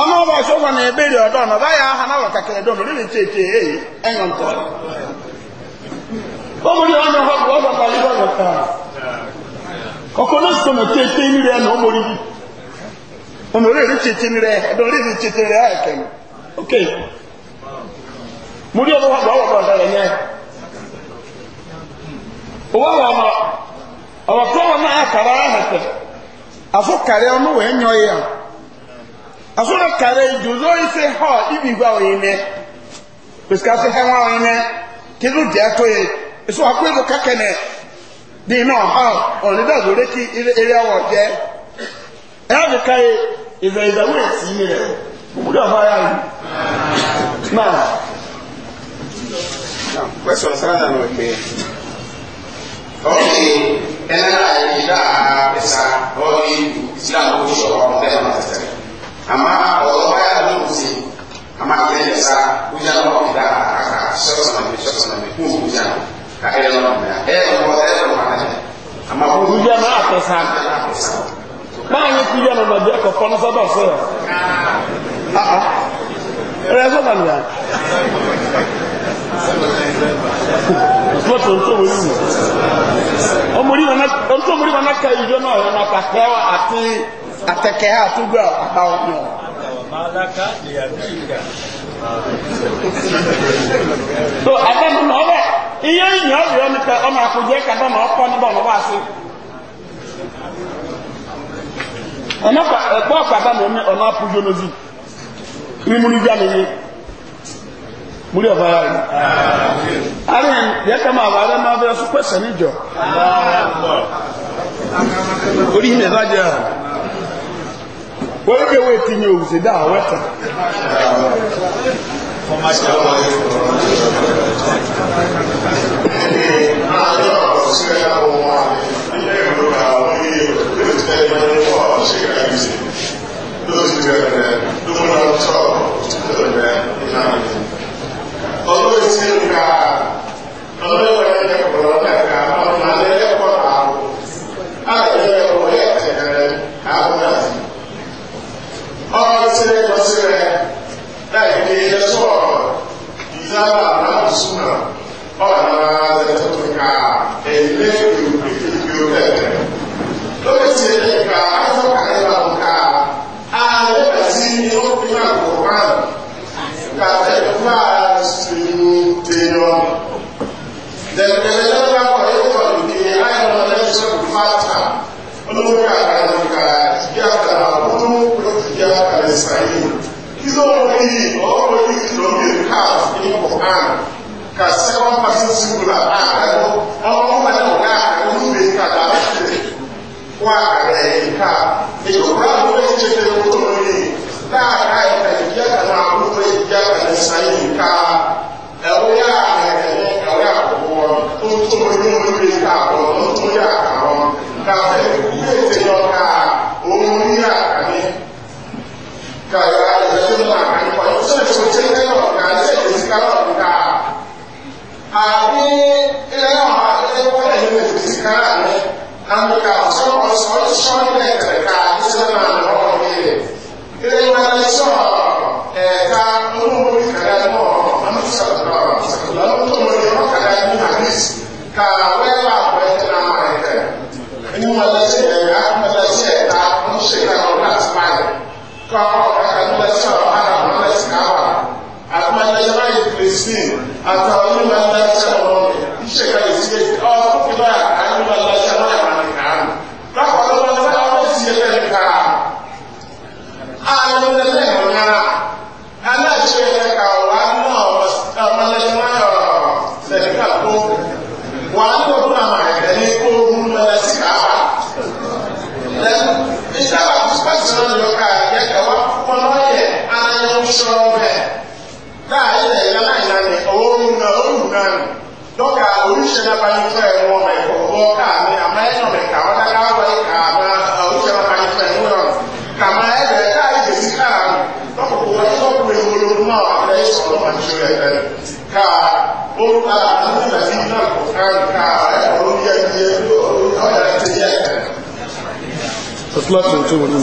ọmọ ọba ọsọgbọn na ebere ọdọ ọnà ọba ya aha na ọwọ kakẹrẹ dọnà lórí tètè eyi ẹnìyàn tọrọ. ọmọ ní ọmọ ọba ọba ọba ọba ọba ọkọ náà sọ na tètè nílẹ ẹnà ọmọ orí yìí ọmọ rẹ̀ rí tètè rẹ̀ ẹ̀dọ̀ rí rí tètè rẹ̀ ẹ̀kẹ́ mi ok mo rí ọmọ wa bọ̀ ọwọ́ ọ̀dọ̀ rẹ̀ yẹn owó wọ ọmọ ọmọ tó wọn náà kàrà ahẹ̀tẹ̀ àfọ kàrẹ ọmọ wẹ̀ nyọ yẹ àfọ kàrẹ ìdòdó ife họ ibi ìgbà òyìn mẹ pèsè àfẹ hẹ wọn òyìn mẹ kí ló jẹ tó yẹ èso àpò èso kẹkẹ nẹ dín náà ọ ọ̀rẹ́dàdó rẹ kí eré awọ jẹ ɛyàfi ka yi ìfɛ ìdáwó èsì yìí rẹ wúlò ọba yà wù. náà kwẹsàn sáà nà pé ọkè ẹnlẹ náà yẹ kí dáa ẹsà ọyẹ ìlú ìsìlá ló ń sọ ọmọ bẹẹ náà tẹsẹ àmà ọba yà ló ń sè àmà yẹ yẹ sá wújà náà wọn dáa àkà sọsọnà mi sọsọnà mi kú wújà náà kàkẹ́ yẹ lọ́nà mi ẹ ẹ lọ́wọ́ ẹ lọ́wọ́ àná àmà wújà náà àtẹ̀sán báyìí kú yọ ọ̀nà bí ẹ̀kọ́ fọ́n sábà sọ yà ah, ah. ẹ̀rẹ́ sọ́dà nìyà mọ́tò ntòmù yìí ọmọdé wọn náà ká ìjọ náà yọ náà kàkẹ́ àti àtẹ̀kẹ́ àtúgbà àbáwọn náà. so ẹ̀fẹ́ mi náà ọ̀rẹ́ iye ìyàn ọ̀rẹ́ ọ̀nìkẹ́ ọmọ àkójẹ́ kàdá ọkọ níbọ̀ ọ̀nà wá sí ọ̀nà ẹ̀kọ́ àpàtà ní ọmọ ọ̀nà àpújọ lójú ní múlù bí àmìyẹ múlù ọ̀fà ara rẹ̀ àárín yẹ́kẹ́ máa wà rẹ̀ máa bẹ́ẹ̀ sún pẹ̀sẹ̀ níjọ orí ilẹ̀ bá jẹ́ àrùn wọ́n gbé wọ́n ti ní òwúsẹ̀ dá àwọn ẹ̀tàn Thank you ti fẹ́ máa ń wọ àwọn ṣe ká kí n sè ló ti bẹ̀rẹ̀ rẹ̀ ló mú náà tọ̀ ti bẹ̀rẹ̀ rẹ̀ iná mi. ọdún ìsì ń ka ọdún ìwà ẹ̀yẹ kọ̀ọ̀lọ́ dàgbà ọdún alẹ́ ẹ̀kọ́ àrùn àgbẹ̀ ẹ̀wọ̀ ẹ̀kẹ́ rẹ̀ àrùn àti. ọ̀rọ̀ sí ẹ̀kọ́ sí rẹ̀ láì ní ilé sọ̀rọ̀ ìzára àrùn súnà ọ̀nà àtẹ̀tẹ̀ tó ń ka ẹ̀lẹ́ ìlú ìlú ẹ̀kẹ́ lórí ti rẹ̀ ká afọ́kàlẹ̀ bá wọn ká ààrẹ bàtí ni ó fi máa kọ̀ máa kàfẹ́ fà sínú tẹ̀yọ̀. Dẹ̀gbẹ̀rẹ̀ lọ́wọ́ àwọn ẹ̀kọ́ lùdí àìmọ̀ lẹ́sọ̀ fàtà olórí àkàlùkà ìdí àkàlà ọdún ló fi dí àkàlẹ̀ sàyè. Kí ló ń rí ọ̀rọ̀ yìí lórí káàf ní Kọ̀hán? Kà sẹ́wọ́n pàṣẹ síkúlà àárẹ̀ ọmọ ọmọ ẹ̀kọ́ náà kuma a yayin ka da shi kuma ba mu ce da mutum ne da ka yi ka ya ka na ku ko ya ka da sai ka da wuya ne ne ka ya ko ko mutum ne mu ne ka ko mutum ya ka ko ka ne ku ce yo ka o mu ya ka ne ka ya da shi ma ka ko sai su ce ne ka sai su ka ka a amúkà ọ̀sán ọ̀sán ọ̀sán ilẹ̀ ẹ̀ka iṣẹ́ náà lọ́wọ́ mi rẹ̀. ilé ìgbàlẹ̀ sọ ẹ̀ka múlùmúlù kàdá mọ́ amúkìsàkùnà ọ̀sàkùnà múlùmúlù ọ̀kadà ní àdìs ka wẹ́ẹ̀lá àpọ̀ ẹ̀jẹ̀ náà máa yẹ kẹ́. ẹni wọn lẹ́sẹ̀ ẹ̀ka wọn lẹ́sẹ̀ ẹ̀ka wọn ṣe ìlànà ọ̀gá àti báyìí. kọ́ ọ̀kadà ní lẹ́sẹ̀ ọ̀hán àwọn lẹ́sẹ̀ káwà àtúmọ̀lẹ́sẹ̀ báyìí pèsè àtàwọn onímọ̀ dɔka oríṣi nàbà yìí fẹ́ wọn mẹ kọ̀ọ̀kọ̀ káàmì àmà ẹ̀ nọ̀ mẹ kàwọn dàgá wà yìí kàmà oríṣi nàbà yìí fẹ́ wọn yọ̀ kàmà ẹ̀ bẹ̀ ká yìí bẹ̀ sí káàmì lọ́kọ̀kọ̀ wọn sọ́kù rẹ̀ wọlé náà àbẹ̀ yìí sọ̀rọ̀ mà ti rẹ̀ bẹ̀ ká olùkọ́ àti nàbí náà kọ̀ ká ẹ̀ ọ̀rọ̀ yẹ o ọ̀yà ti yẹ. Sọ́túlá tuntun wọn ni.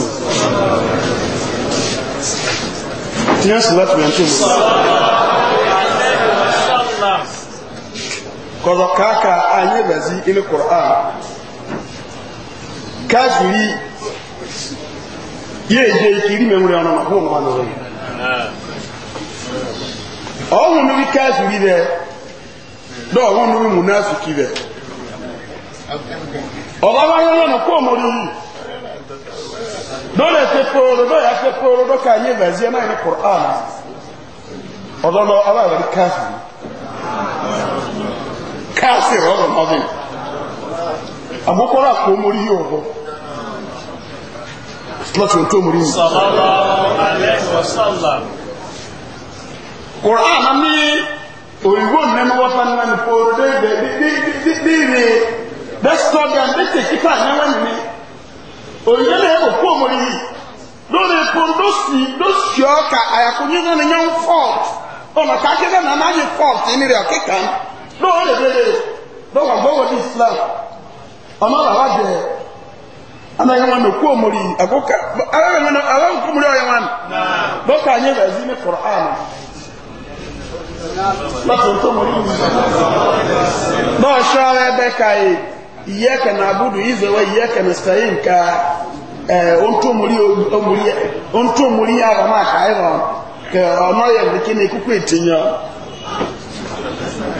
Tiẹ́ sọ́túlá tuntun wọn. kɔzɔ kaaka a nye bazi ili kur'an kafiri yee je kiri mɛ wuli ɔnɔ ma k'o ma nɔrɔ yi ɔwɔ nu bi kafiri dɛ dɔw ɔwɔ nu bi munafiki dɛ ɔba b'a yɛlɛ ɔnɔ k'o ma nɔrɔ yi dɔw yɛ fɛ kporo yɛ fɛ kporo dɔw k'a nye bazi yɛ n'a kur'an ɔdɔ lɔ ala yɛrɛ kafiri. káàsì rọrùn ọdún àgbọ́kọ́lá kò mórí yóò bọ́ lọ́tí tó mórí yìí kòrán ní òyìnbó nínú wọ́pá nínú kò dédé dídíre dẹ́sítọ́gà dẹ́tẹ̀ kíkà níwọ̀n ní òyìnbó ní ẹ̀kọ́ kó mórí yìí lórí epo lóṣì lóṣì ọkà àyàkó nínú ni yẹn ń fọ́ọ̀t ọ̀nà kájẹ́gẹ́ nàá náà lọ́wọ́ lè bẹ̀rẹ̀ lọ́wọ́ gbọ́wọ́ ní islam ọmọ bàbá jẹ anayi wọn kú omori agoka ara wọn na ara wọn kúmori ọyọ wọn lọkọ anyi rẹ zi ní kur'an lọtọ tó mori yìí lọọ sọ ara ẹbẹ ka yi iye kẹna abudu ize wa iye kẹna sẹyìn ka ẹ ontomori omori ontomori ara máa ka ẹ rọ kẹ ọ náà yẹ kí ni kúkú ètè yẹn.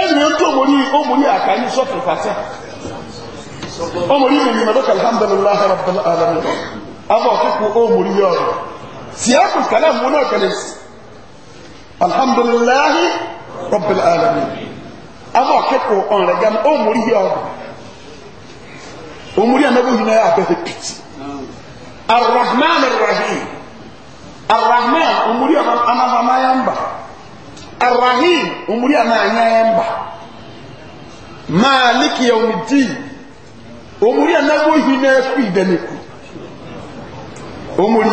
ẹ̀rìn tó mọ̀rí ọmọrí àkàní sọ́tù fàtà ọmọrí mẹ́rin mẹ́lọ́kà alhamdulillah rabbil alamin abọ́ kíkú ọmọrí ọ̀rọ̀ sí ẹkùn kàlá múnà kẹlẹ̀ alhamdulillah rabbil alamin abọ́ kíkú ọ̀rẹ̀ gam ọmọrí ọ̀rọ̀ ọmọrí àmẹ́bù yìí náà abẹ́fẹ́ pìtì arrahman arrahim arrahman ọmọrí ọmọ amáhámáyá ń arahim omuri ya maliki yaumidin omuri anagohina ekwidaniku omuri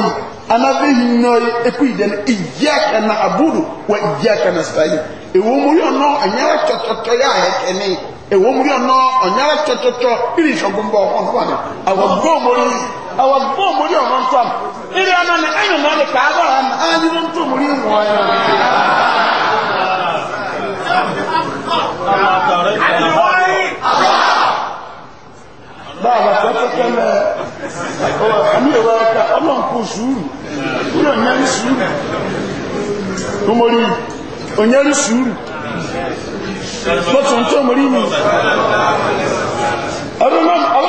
anabehina ekwidani iyaka na abudu wa iyaka nastain ewo omuri ono anyara tɔtɔtɔ ya ahekene ewo omuri ono anyara tɔtɔtɔ iri isogunba ɔkɔnfani awagbɔ omuri awagbɔ omuri ilé ọmọ mi ẹ̀yìn mọ́ ni kàábọ̀ ọmọ ẹ̀yìn ló ń tó mú rí wọ́n yọ. Báwo la fẹ́ kẹ́lẹ́ àmì ìwà ọ̀ka ọlọ́nkú sùúrù kúrò nyẹ́rì sùúrù tomori onyẹ́rì sùúrù tó tuntun mori mi ọdún náà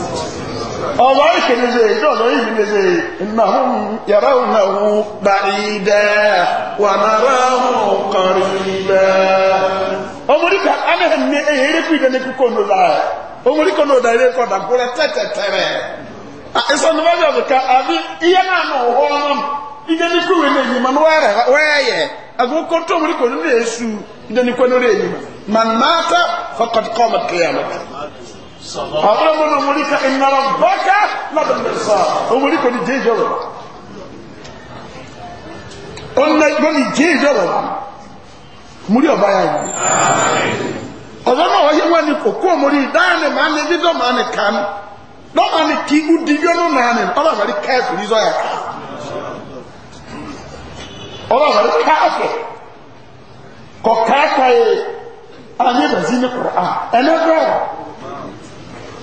ọlọ́rin kìí ṣe èdè ọlọ́rin kìí ṣe ìnáhùn yàrá ònàwó bàìdá wà nára òun kọrin bá. ọmọdéka anáhìn ní èyí eré fún ìdáni kúkọ ní ọlá ọmọdéka ní ọdà eré kọ dàgbọrẹ tẹtẹtẹrẹ. ìsọdúnmọ́jọ́ àwọn ọmọ náà mọ̀líkà ìnara bọ́ká lábẹ̀mẹ̀sà ọmọlíkà ní jẹ́ ìjọba ọ̀nà ìgbọ́n ní jẹ́ ìjọba múrí ọba ya yìí ọ̀dọ́ náà wáyé wọ́n ní kòkó ọmọrí dáhàní máa ní dídọ́ máa ní kàn lọ́mà ní kí ibú dìbíọ́ náà náà ní ọba àbárí káàfù ní zọ́yà ká ọba àbárí káàfù kọ̀ káàkà yìí àmì ìbẹ̀sí ní kùrọ̀ à ẹ̀nẹ́gbẹ̀rẹ̀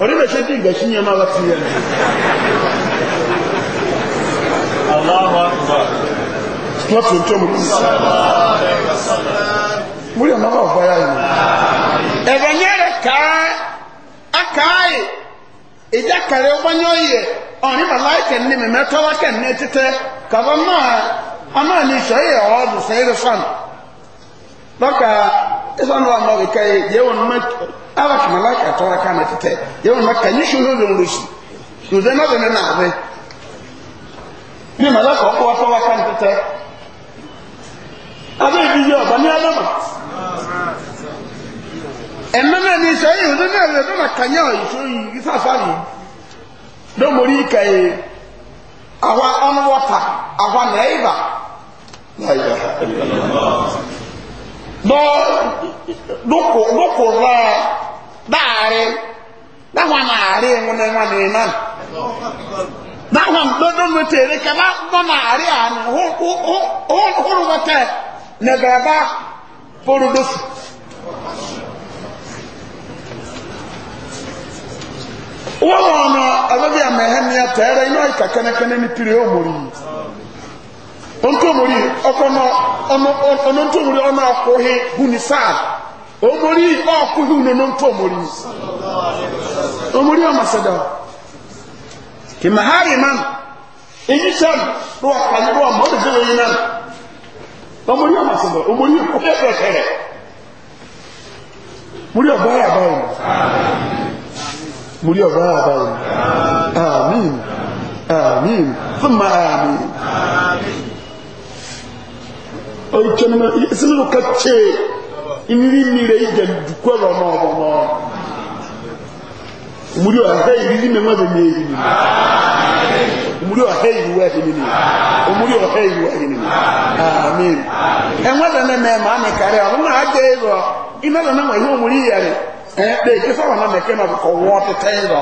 ọdún bẹ̀ ṣe bí ìgbẹ̀ sí yẹn máa wá sí ẹ̀rẹ̀ lọ́tún tó mú kí mú yẹ máa wà yá yìí ẹ̀rẹ̀ yẹn rẹ̀ káá akáyè ìjà kàrẹ ọgbányọ́ yẹ ọ̀rìn màláìkẹ̀ ní mímẹ́ tọ́wákẹ̀ ní títẹ́ kàbọ̀ máa amáà ní ìṣọ́ yẹ ọ̀ọ́dù sẹ́yẹ́rẹ́ fún lọ́kàá ɛsɛn wa hɔ keka yi yɛ wɔn ma ala kama ka tɔra ka ma tɛtɛ yɛ wɔn ma kanyi su n'o lomoro si n'ozɛ na ne n'abɛ ne ma la ka ɔkɔ wa tɔra ka ma yi yi ɔba ni ala ma ɛnna ni sɛ ɛyɛ ozɛ n'abɛ ne ma kanyi ɔyi so yi yi ka yi awa ɔnu wɔta awa ba. dụkwụra daarị dahwa naarị nwụne nwa na ịna dahwa mkpedo metere ka na nọ naarị anyị hụrụ wata n'ebe pụrụ na ontomori ọkọnọ ọnọntomori ọnọ ọkụghị hunisan omori ọkụghị unonontomori omori ọmasada kìmahari man eyi sẹm lọ àkànyẹrọ ọmọ ọdún onye nan omori ọmasada omori ọkọhẹ pẹpẹrẹ muri ọba ya muri ọba ya amin amin fún ma amin. oyikyɛnum esinu no kakye nri mmiri egya dukɔ lɔ n'ɔbɔ n'ɔbɔ omuli ɔhɛ iriri mi nwa eri omuli iri omuli iri amen ɛnwa dɛ ne mɛma mi kari a ɔmo na ihe na mɛke na kɔ wɔ ka yi lɔ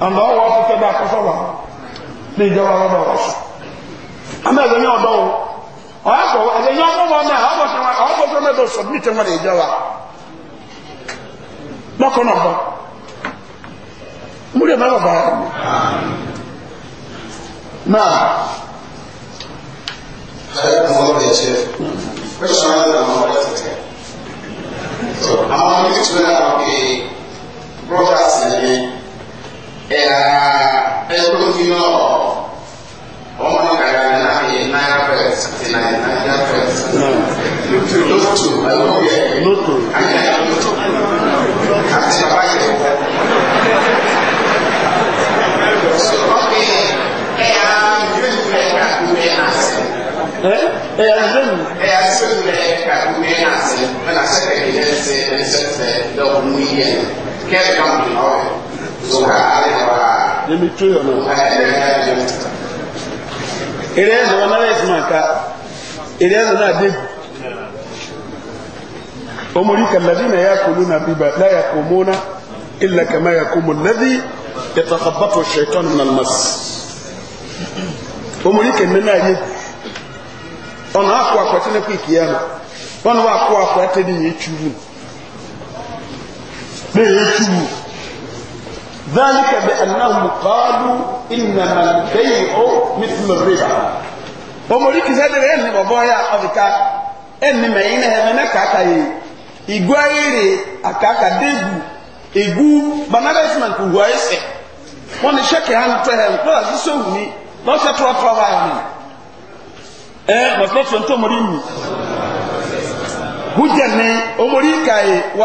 ɔnà ɔwɔ tete bɛ akɔsɔ nye ọ̀pọ̀ ẹ̀yẹ yọ ọmọ wọn náà ọ̀pọ̀ tó mẹ́tọ̀ sọ̀bìtì wọn èjọ wa lọ́kọ̀ọ́nà bọ́ múlẹ̀ mẹ́rọ̀ bá náà Àwọn ọmọ ìtúwé náà ń pe broadcast ní ẹ̀ẹ́dẹ́gbẹ̀rún náà ọmọ náà kàrà náà. Niger Press, the Niger Press. No. Lotu. Lotu. Lotu. Àti bàbá yẹ kọ́. Sọ̀rọ̀ mi ẹ̀ yà gbé wulẹ̀ ká gbé náà sí. Ẹ ẹ̀ yà gbé wulẹ̀. Ẹ yà gbé wulẹ̀ ká gbé náà sí. Bẹ́ẹ̀ni àṣẹ̀kẹ̀ yìí ẹ̀ ṣe ẹ̀ ṣẹ̀ṣẹ̀ lọ́wọ́ mú yẹ. Kẹ́ẹ̀kan bì lọ́wọ́. Sọ̀rọ̀ àárẹ̀ wà. Let me tell you now ìrẹsì wọn náà ẹsìn màkà ìrẹsì náà dé omori kàlàdí na ya kò lónà bíbá láyà kò móná ilà kàmá ya kò mọ lẹ́dí ìtàkàbàtò ṣètọ́nù nà mas omori kẹmẹ náà yẹ ọ̀nà àkó àkọ́tí náà kò ìkìyà nà wọn wà àkó àkọ́ àtẹ́ni yẹ tùrù bẹ́ẹ̀ yẹ tùrù. ذلك بأنهم قالوا إنما البيع مثل الربا وموليك سيدر إن بابايا أفكا إن ما إن هنا كاكاي إغوائيري أكاكا ديبو إغو بنابا إسمان كوغوائيسي wọ́n ṣe kí hàn tó hẹ̀ nípa àṣìṣe òní lọ́sẹ̀ tó ọ̀tọ̀ ọba àmì ẹ mọ̀sílẹ̀tì tó mọ̀rí mi hujjẹ̀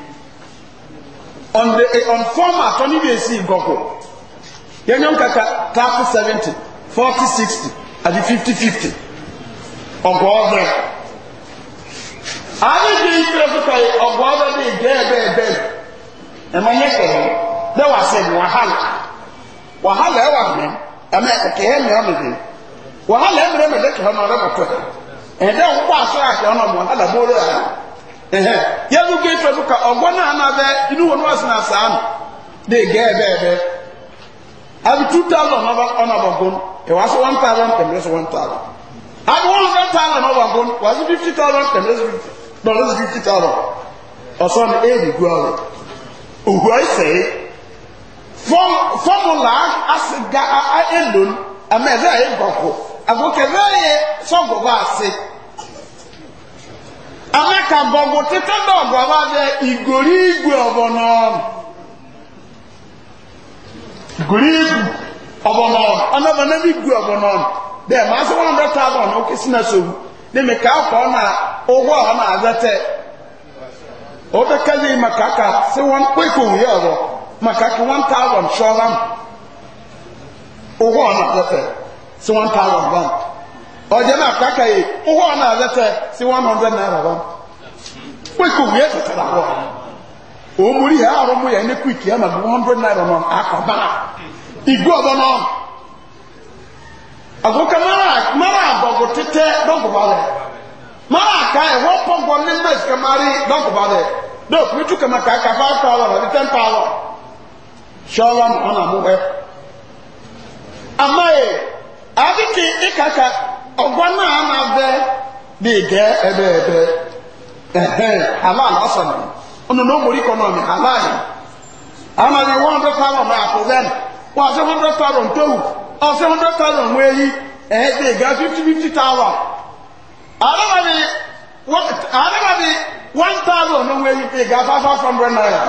on the eh, on format on ibe si nkoko yenye nkaka 30 70 40 60 adi 50 50 ọgọ ọbẹ anyị dị nke fụta ọgọ ọbẹ dị ide ebe ebe ẹma nye kẹhẹ dị wasị m wahala wahala ẹwa mmẹ ẹma kẹhẹ mmẹ ọ mmẹ wahala ẹmere mmẹ dị kẹhẹ na ọrịa mọtọ ẹdị ọgwụkwọ asọ ahịa ọ nọ m wahala gboro ya yẹnu gẹ́fẹ́ tó ka ọ̀gbọ́n a náà bẹ inú wọn wá sí náà sàá nù dé gẹ́ ẹ bẹ́ẹ̀ bẹ́ẹ̀ two thousand ọ̀nà ọ̀gbọ́n ẹ̀ wá sí one thousand tẹ̀mílẹ́ so one thousand àbí one hundred thousand ọ̀gbọ́n wá sí fifty thousand tẹ̀mílẹ́ sí fifty tẹ̀mílẹ́ sí fifty thousand ọ̀sán ni éèdì gu ọ̀rọ̀ òhù ẹ̀sẹ̀ yìí fọ́mùlà amaka bɔbɔ tete dɔgɔ ɔba bɛ igori igwe ɔbɔ n'ɔnụ igori igwe ɔbɔ n'ɔnụ n'ebe igwe ɔbɔ n'ɔnụ dɛ maa sɛ wɔn dɔta abɔ na ɔkesi na sowu ne mi kaa na ụgwọ ɔha na azɛtɛ ɔbɛka yi maka aka sɛ wɔn kpekpe wuye ɔbɔ maka aka wɔn taa wɔn sɔɔ ụgwọ ɔha na azɛtɛ sɛ wɔn taa wɔn ram. ọjọ́ náà káka yìí owó ọ̀nà àzẹ́tẹ̀ sí one hundred naira wọn pẹ̀kọ̀ wíyẹ tẹ̀tẹ̀rẹ̀ àwọ̀ òun mú rí ẹ̀ àrùn mú yẹn ní kúìkì ẹ̀ one hundred naira àkàbà ìgbó náà mara àbọ̀gù títẹ́ dọ́gùbà mara àká ẹ̀wọ́ pọ̀gbọ̀ ní mẹ́sì kẹmàrí dọ́gùbà rẹ̀ dọ́ọ̀kú mi tún kẹmà kàkà five thousand ten thousand mọ̀ ọ́nà mú àmọ́ àbíkí ìkàkà ọgbọ náà na bẹ bí gẹ ebe ebe ẹhẹn aláàlá ala mi ọnà ní omori kọ náà mi aláàlá amáyé one hundred thousand náà kò bẹ́ẹ̀ wọ́n one hundred thousand tó wù ọ̀sẹ̀ hundred thousand wọ́n èyí ẹ̀ẹ́ bí gẹ fifty fifty thousand àdébàbí àdébàbí one thousand five hundred naira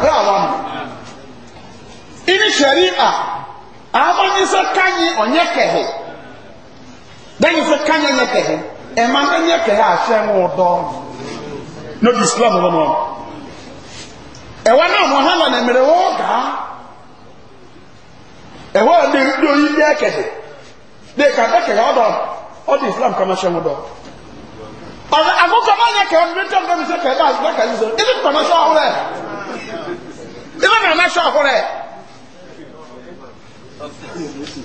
dẹ́yìn sẹ́ ká nyẹ́nyẹ́ kẹ̀hẹ́ ẹ̀ máa nyẹ́nyẹ́ kẹ̀hẹ́ àṣẹ ń wọ̀ dọ́ n'obi islam wọn wọn ẹ̀wọ́n náà wọn hàn lọ́nà mẹ́rẹ̀ wọ́n gà á ẹ̀wọ́n ọ̀dẹ ndé oyin bí ẹ̀kẹ̀hẹ́ dé ká bẹ́kẹ̀hẹ́ ọ̀dọ̀ ọ̀dẹ islam kọ́ n'aṣẹ wọn dọ́ ọ̀dẹ àkókò bá nyẹ kẹ̀hẹ́ ọ̀dẹ tó ń bẹ́mi sẹ́ kẹ̀hẹ́ bá bẹ́kẹ̀hẹ́ sọ ibi kọ́ n'aṣọ ọ̀húnrẹ̀ ibi kọ́ n'aṣọ ọ̀húnrẹ̀.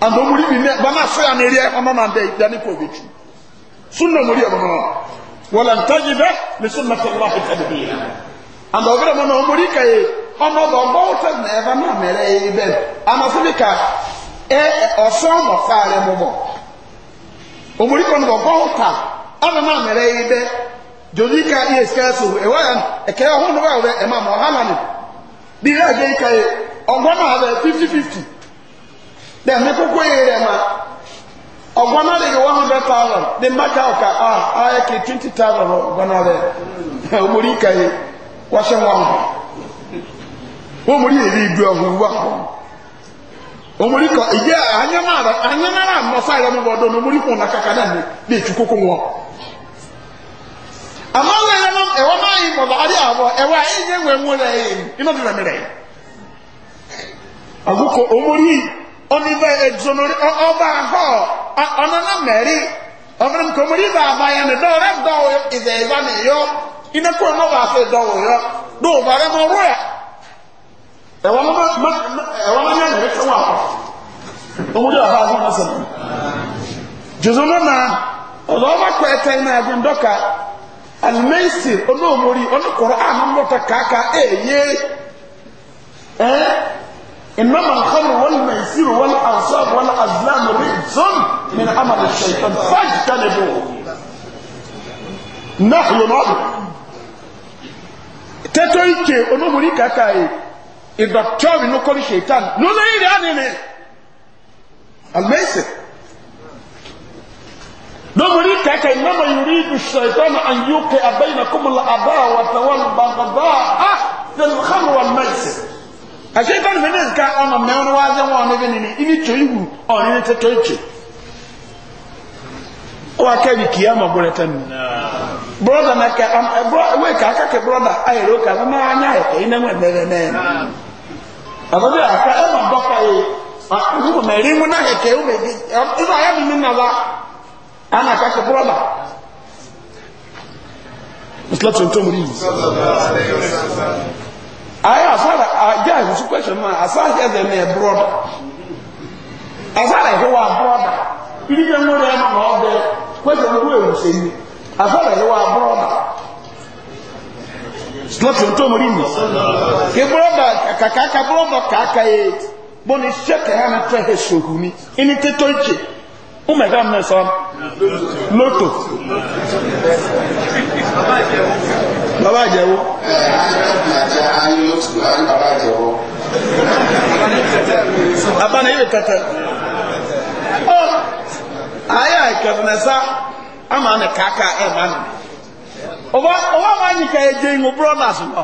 and omuri bi ne bana so ya ne rie ɔno na de dani ko bi tu sunna omuri ɔno no wala ntajida li mo na omuri ka ye ɔno ba ɔbɔ wotɔ na ɛfa na mɛrɛ ye bɛn ama so bi ka ɛ ɔsɔn bɔ faare mo bɔ omuri kɔni bɔ ɔbɔ wotɔ ɔno na mɛrɛ ye bɛ jodi ka iye sika so ɛwɔ yan ɛkɛ ɔho no bɛ ɛma ma ɔha na ne bi yɛ fifty fifty. dem ne koko yi rɛ ma ɔgbɔna de one hundred thousand de ka ɔka a ayɛ ke twenty thousand ɔgbɔna bɛ ɔmori ka wɔn ho yɛ ka ɛyɛ anyamara anyamara mmɔsa yɛ bɔ do kɔn na kaka de koko ɛwɔ maa yi mɔdɔ adi awɔ ɛwɔ oniba edronori ọba ahọ ọnana mẹri ọfọdun kòmòdì bá abaya ni dọwọrẹ dọwọ ìdẹ ìbá ni yọ iná kúrò náà bá fẹ dọwọ yọ dọwọ bàrẹ mọ rọ ẹ ẹwà mọ mọ ẹwà mọ nyẹ nìyẹn kẹwàá kọ kòmòdì bá abaya fún ọsẹ jùzọ́nù náà ọ̀dọ̀ ọba kọ ẹ̀tẹ́ iná ẹ̀gbọ́n dọ́ka alimẹ́sì ọ̀nà òmòrì ọ̀nà kọ̀ọ̀rọ̀ àmọ́ mọ́ta kàkà ẹ̀yẹ ẹ̀. إنما الخمر والميسير والأنصاب والأزلام رجس من عمل الشيطان فاجتنبوه نحن نضع تتويك ونمري كاكاي الدكتور نقول الشيطان نزيد عنه الميسر نمري كاكاي إنما يريد الشيطان أن يوقع بينكم العداوة والبغضاء في الخمر والميسر àṣẹ ìkọ́ni fún ẹ̀dẹ́sì ká ọmọ mẹ́rin wá ṣe wọn níbi nínú ibi tó ìwù ọ̀rìn ní tètò ìtì ó wá kẹ́bi kìí àmọ̀ gbọ́dọ̀ tẹ́nu bọ́dà na kẹ́ wọ́n èkà akákẹ́ bọ́dà ayẹ̀rọ kà mọ́ máa ní àyẹ̀kẹ́ iná mọ̀ ẹ̀mẹ́rẹ́ náà ni àbọ̀dé àká ẹ̀ mi I asara uh, I yeah, question man. Asara here them a brother. Asara here wa brother. Ili dem no dem no be. Question no we say ni. Asara here wa brother. Slot on to mori brother kaka ka brother kaka e. Boni sheke na tre he shohuni. Ini te toiche. oh my god na so. moto. bàbá àjẹwò. abana ibi tẹtẹ ọ ayé àìkẹfẹmẹsá ama ne kaka ẹ ma ne ọba ọba wa nyi ka ẹjẹ yi mo brothers nọ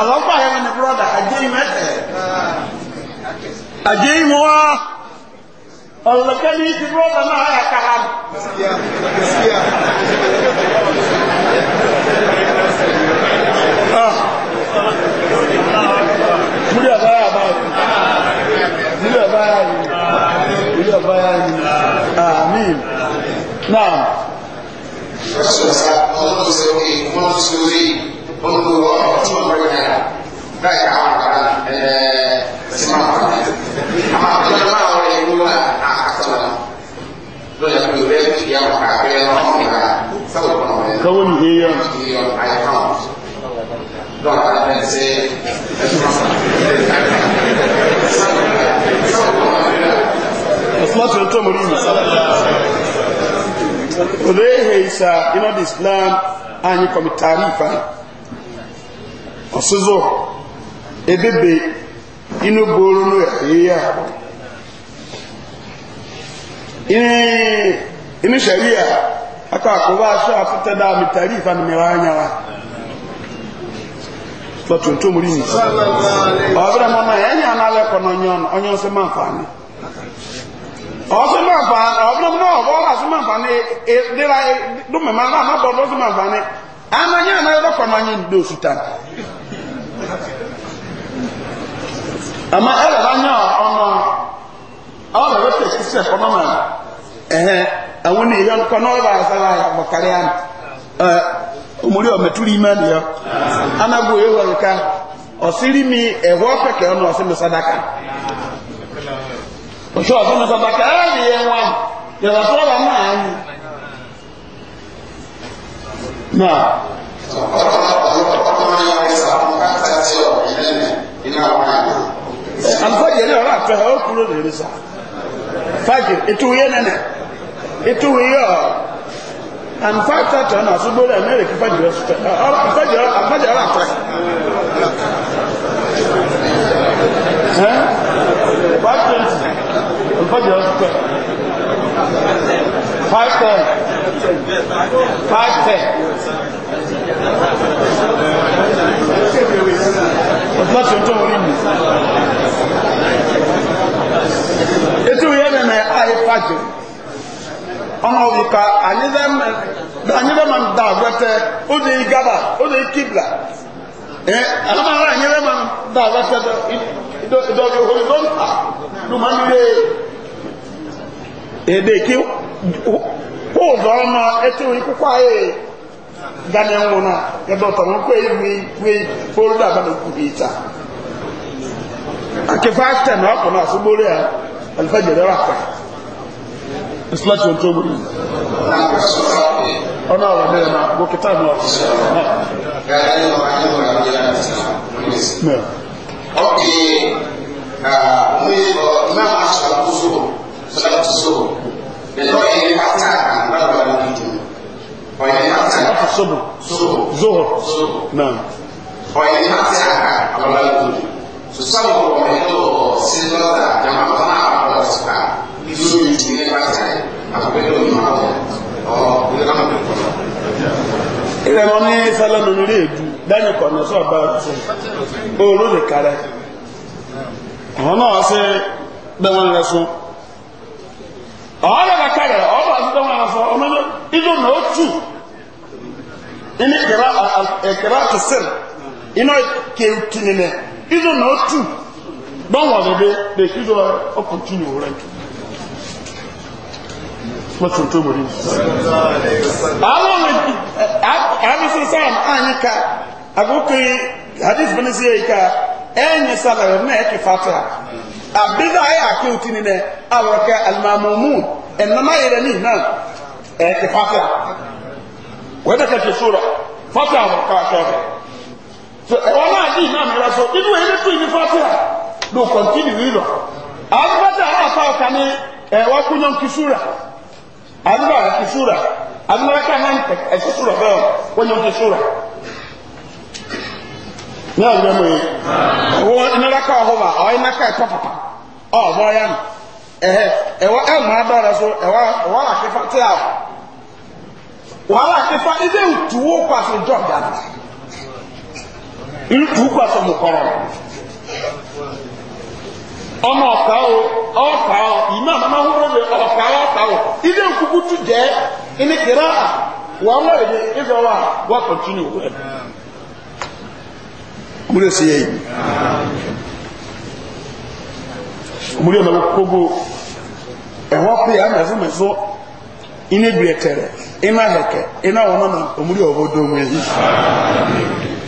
ọba kọ ayé mo ne brother ajé yi mo ẹtẹ ajé yi mo ọ̀lọ́kẹ́lẹ́ ti rọ́bà náà yà kára nù. Múlí àbáyà báyìí. Múlí àbáyà yìí. Múlí àbáyà yìí. Àmín. Náà. Sọ̀sà ọlọ́run sórí ọlọ́run sórí ọlọ́run ọ̀rọ̀ tí wọ́n bẹ̀rẹ̀ náà. Báyìí àwọn àgbàrá ẹ̀ẹ́dẹ́gbẹ̀sí máa ń pàdé. Àwọn àgbàrá máa ń wọlé ìlú náà kawai ne ya Islam tó mú rí ìsá. di Islam anyị kọmitari ifa. Ọsụzụ, ebebe, inú gboro ya. inú sẹ̀ríà akọ́kọ́bá aṣọ àfúntẹ́dá mi tàrí ìfanimira anyara lọ́tún tó múrí nìí ọ̀bẹ̀rẹ̀ mọ́mọ́ ẹ̀yìn alálẹ́kọ̀ọ́ ọ̀nyọ́n ọ̀nyọ́n sí máa fàánì ọ̀sùn máa fàánì ọ̀bẹ̀rẹ̀ mọ́ ọ̀bọ̀ ọ̀sùn máa fàánì dírà dùmẹ̀mọ́ aláàmọ́bọ̀ ọ̀sùn máa fàánì amanyẹ́ alálẹ́kọ̀ọ́ ọ̀nyọ́n dé oṣù tán ọ ẹ̀rọ awa bɛ wɛsɛ sisɛ kɔnɔ ma ɛhɛ àwọn ni yɔn kɔnɔ b'a sara bɔkari yan ɛ e, omori ɔmɛ tuli ma ni yɔ anago ye wɔn ka ɔsiri mi ɛwɔ fɛ kɛ ɔnu ɔsi mi sadaka oṣù ɔsi mi sadaka ɛyɛ e, yɛ wa yɛrɛ sɔrɔ la náà yi náà. alifajɛ ni ɔlɔ atɔ hɛ ɔkuro de risa fajir ètò yẹn nana ètò yẹn ọ and five thirty ọ̀nà àsúgbó rẹ̀ mẹ́rin kí fajir ọ̀sùtẹ̀ ọ̀rọ̀ fajir ọ̀rọ̀ fajir ọ̀rọ̀ àtẹ̀. five twenty fajir ọ̀sùtẹ̀ five ten five ten. ọ̀tún láti ọjọ́ orí mi. etu yẹn nana ayé pàjẹ́ ọmọ òyìnbá anyị ń da àgbẹ̀tẹ́ ó lè gàdà ó lè kíbla ẹ alamara anyilẹ́mà ń da àgbẹ̀tẹ́ ndị horizontal lumamire èdè kí kóòdù dị ètò ìkókó ayé gánà ń wọnà ẹ̀dọ̀tọ̀ wọn kó èyí wí àkẹfà tẹ̀ náà kọ̀ náà súnmọ́rẹ́ à alifájẹ̀ rẹ̀ wà kà ìsìláṣì ohun tó mú ní ọ̀nà ọ̀rọ̀ mẹ́rin náà gòkítà náà Zuhur. Zuhur. Zuhur. Naam. Ọ̀yẹ̀ ni máa tẹ́ àkà àwọn aláàbò sosɔn wɔrɔ mɛ ɛlɔ silva la dama fana abɔ sika nidoro yi ti ne pata yi akɔbɛ lɛ ɔnu awɔ ɔ ɔbɛ lɛ ɔnu kɔnɔ. ilẹ̀ wọn ní sálọ nínú ilé ìdú dání kọ̀nà sọ ọba ọ̀sẹ̀ òòrùn lè kárẹ̀ àwọn náà ṣe bẹ́ẹ̀ wọn lẹ sún ọ̀ọ́dọ̀ kàkà rẹ̀ ọ̀ọ́dọ̀ àti bẹ́ẹ̀ wọn lọ sọ ọmọ ní inú nà ó tù ní ìkẹrẹ àkẹsẹ̀ iná kéwù tì nínú ẹ̀. These are not true. Don't worry, they, they should uh, continue, right? Lọ́tún tó mọ̀rí. Àwọn ọmọ àmì fún sáàmù àyí ká, àgókò hadith fún sí ẹ̀ka, ẹ̀yìn sálàrẹ̀ náà ẹ̀kì fàtíà. Àbídá ayé àkí òtí ni nẹ, àwọ̀kẹ́ alìmọ̀mù ẹ̀nàmá yẹrẹ ní náà ẹ̀kì fàtíà. Wẹ́dẹ̀kẹ́ kì sóra, fàtíà wọ̀ káàkiri. ẹ̀wọ̀n náà ní ìmọ̀ àmì ìrẹsọ inú ẹni tó ìní fọ́tíà ló kọ̀ntínì rírọ àdúgbàtà àpá ọ̀ka ní ẹ̀wọ́ kúnyọ́ kìsúra àdúgbà kìsúra àdúgbàtà náà ẹ̀sùsúra bẹ́ẹ̀ kúnyọ́ kìsúra ní ọ̀gbẹ́ mọ̀ yìí wọ́n ìnira ká ọ̀họ́ wa so a wàhálà inú tù kú àtọ̀ mọ̀kọ́rọ̀ ọmọ ọ̀ka o ọ̀ka o de àmàmà húrò lè ọ̀ka ọ̀ka o ilé nkukú tù jẹ́ ilé kìrá à wọ́n wọ́n èdè ìfẹ́ wa wọ́n kọ̀tínú ẹ̀ múlẹ̀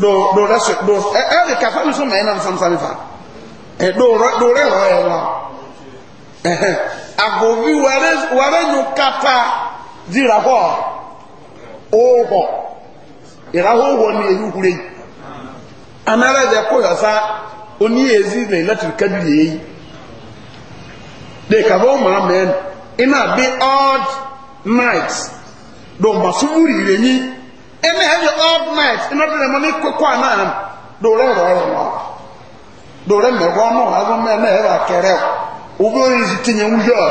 do do rẹsẹ do ẹ ẹ de kafa mi so mẹ ẹ nam samsami fa ẹ eh, do rẹ do rẹ lọ ẹ lọ ẹhẹ eh, eh. agobi wẹrẹ wẹrẹ nyu kata dira hɔ ɔwɔ yẹra hɔ wɔ ni eyi hure anara yɛ kó yɔ sa oni yɛ ezi na electric kabiri yɛ yi de kaba o maa mɛ ina bi odd nights. do masumuri yɛ yi ɛnna ɛyɛ all night ɛnna ɔdi dɛm ɔni kɔkɔ anan dòwòrɛ rɔrɔ nɔ dòwòrɛ mɛwɔ nɔ azɔ mɛ ɛnna ɛyɛ akɛrɛ o bɛ oyin si ti nyɛ wuyɔ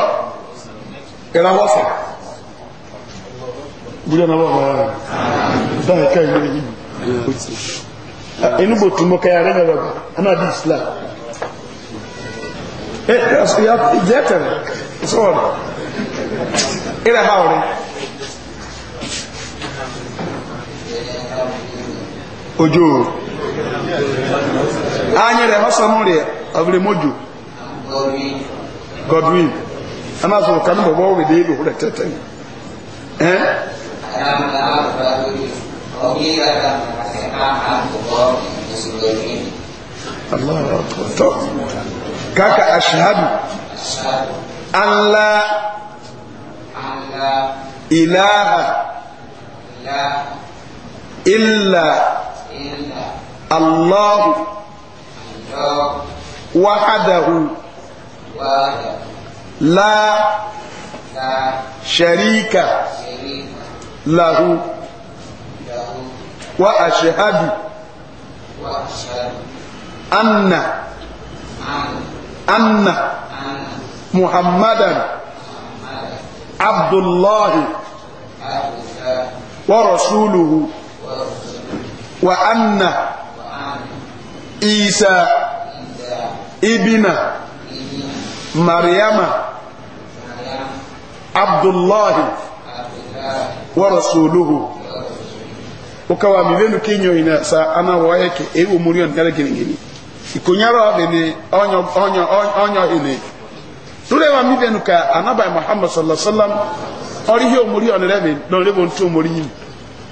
ɛnna wɔ fɛ wuyɔ náà wɔ fɛ sáyɛ ká ìwé yìí inú bò tún mọ kẹ ẹrẹ yẹn lọgbà ẹnna di islam ẹ ẹ ìjẹ tẹrẹ sọọrọ ẹ rẹ ha ọrẹ. ojú anyị rẹ̀ họ́sọ̀mù rẹ̀ ọ̀bìrìmọ́jù godwin ana sọ̀rọ̀ kanú bọ̀bọ̀ wọ́n dé ìlú rẹ̀ kaka ashahadu an ilaha إلا الله وحده لا شريك له وأشهد أن أن محمدا عبد الله ورسوله وأن عيسى ابن مريم عبد الله ورسوله ukawa mivenu kinyo ina sa ana waeke ewu murio ngale kiningini ikunyaro bene onyo onyo onyo ine tule wa mivenu ka anaba muhammad sallallahu alaihi wasallam ori hiyo murio nrebe no lebo ntu muri nyinyi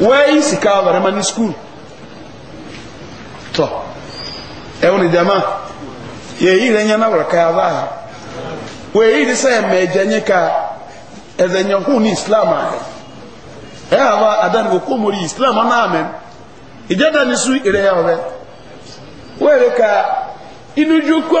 wẹ́yìn sika ọ̀rẹ́mà ní skul tọ́ ẹ̀wọ̀n ni jama yẹ̀yí rẹ̀ yẹn náwọ̀rẹ̀ ká yàrá ha wẹ́yí rẹ̀ sẹ́yẹ̀ eh, mẹ́jẹ̀ nyẹ́ ká ẹ̀dẹ̀ yẹn hù ní islam ahẹ́ ẹ̀ hàwa adan kò kó mori islam náà mẹ́ ìjẹ́dá ni sùn ìrẹ̀ yà ọ̀rẹ́ wẹ́rẹ̀ ká inú ju kọ́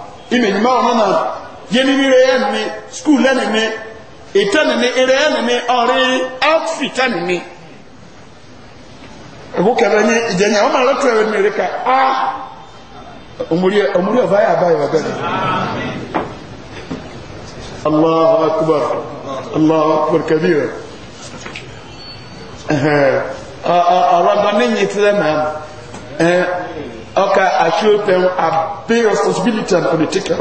ime nyuma wọn nana yẹni ni rẹ yẹn ni skul lẹni ni ìtẹ ni ni ìrẹ yẹn ni ọrẹ outfit ni ni ẹkú kẹrẹ ni ìjẹnyẹ ọmọ rẹ tó ẹrẹ mìíràn ká a omuri omuri ọba yà bá yà bẹ ni. الله أكبر الله أكبر كبيرا أرغب مني تلمان Okay, I show them a big responsibility and only take care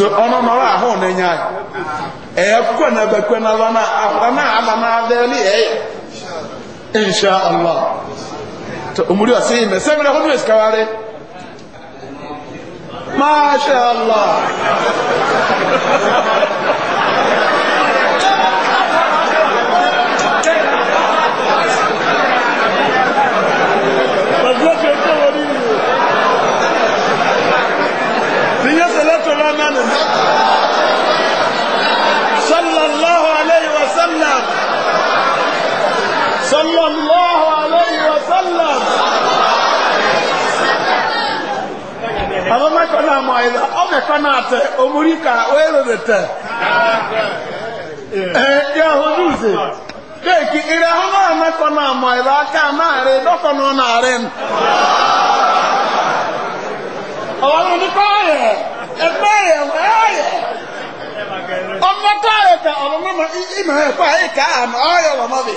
ahụ na-enye anyị ekwe na na lọ na akwa na ama allah to omuri ọsị ime semere hụ n'esi kawari masha صلى الله عليه وسلم àwọn mẹ́kànnà àmọ́ àìlà ọmọkànnà àtẹ omúríkà oéròdè tẹ ẹ̀ẹ́dẹ́ ọ̀hún dùsẹ̀ déèkì ìrẹ̀ ọ̀hún náà mẹ́kànnà àmọ́ àìlà aká náà rí dọ́kànnà náà rí nù. ọ̀wọ́n ní báyẹ̀ ẹgbẹ́ yẹ̀ wẹ́yẹ̀ ọmọ táyẹ̀ kà ọ̀rọ̀ mọ́mọ́ ìmọ̀ ẹ̀kọ́ àyíká àmọ́ ọ̀yọ̀ wọ̀ mọ́bì.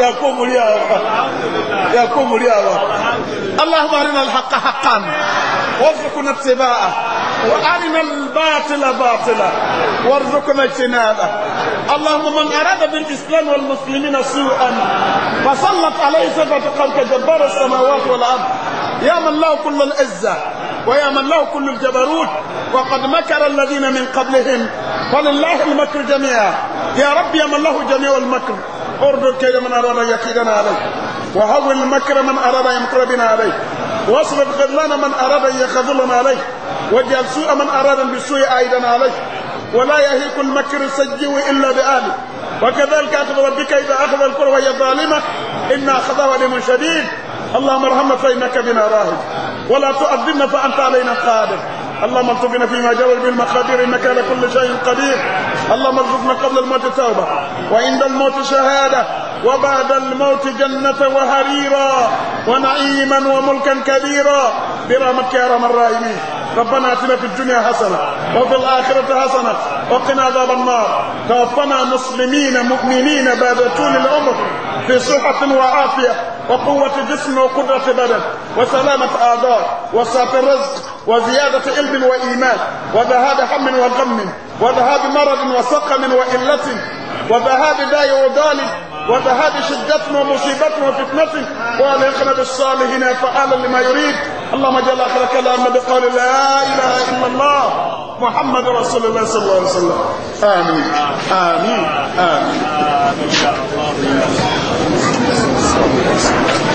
يقوم قوم يقوم لي اللهم ارنا الحق حقا وارزقنا اتباعه وارنا الباطل باطلا وارزقنا اجتنابه اللهم من اراد بالاسلام والمسلمين سوءا فسلط عليه صفه قوك جبار السماوات والارض يا من له كل العزه ويا من له كل الجبروت وقد مكر الذين من قبلهم ولله المكر جميعا يا رب يا من له جميع المكر اردد كيد من أراد يكيدنا عليه وهول المكر من أراد يمكر بنا عليه واصرف خذلان من أراد يخذلنا عليه واجعل سوء من أراد بالسوء أيضا عليه ولا يهيك المكر السجيو إلا بآله وكذلك أخذ ربك إذا أخذ القرى وهي ظالمة إن أخذها لمن شديد اللهم ارحمنا فإنك بنا راهب ولا تؤذن فأنت علينا قادر اللهم ارزقنا فيما جاور به المقادير انك على كل شيء قدير اللهم ارزقنا قبل الموت توبه وعند الموت شهاده وبعد الموت جنة وهريرا ونعيما وملكا كبيرا برحمتك يا ارحم الراحمين ربنا اتنا في الدنيا حسنه وفي الاخره حسنه وقنا عذاب النار توفنا مسلمين مؤمنين بعد طول العمر في صحه وعافيه وقوة جسم وقدرة بدن وسلامة أعضاء وسعة رزق وزيادة علم وإيمان وذهاب هم وغم وذهاب مرض وسقم وإلة وذهاب داء وضال وذهاب شدة ومصيبة وفتنة وألحقنا بالصالحين فعالا لما يريد اللهم جل آخر كلام بقول لا إله إلا الله محمد رسول الله صلى الله عليه وسلم آمين آمين آمين, آمين. آمين. آمين. Thank you.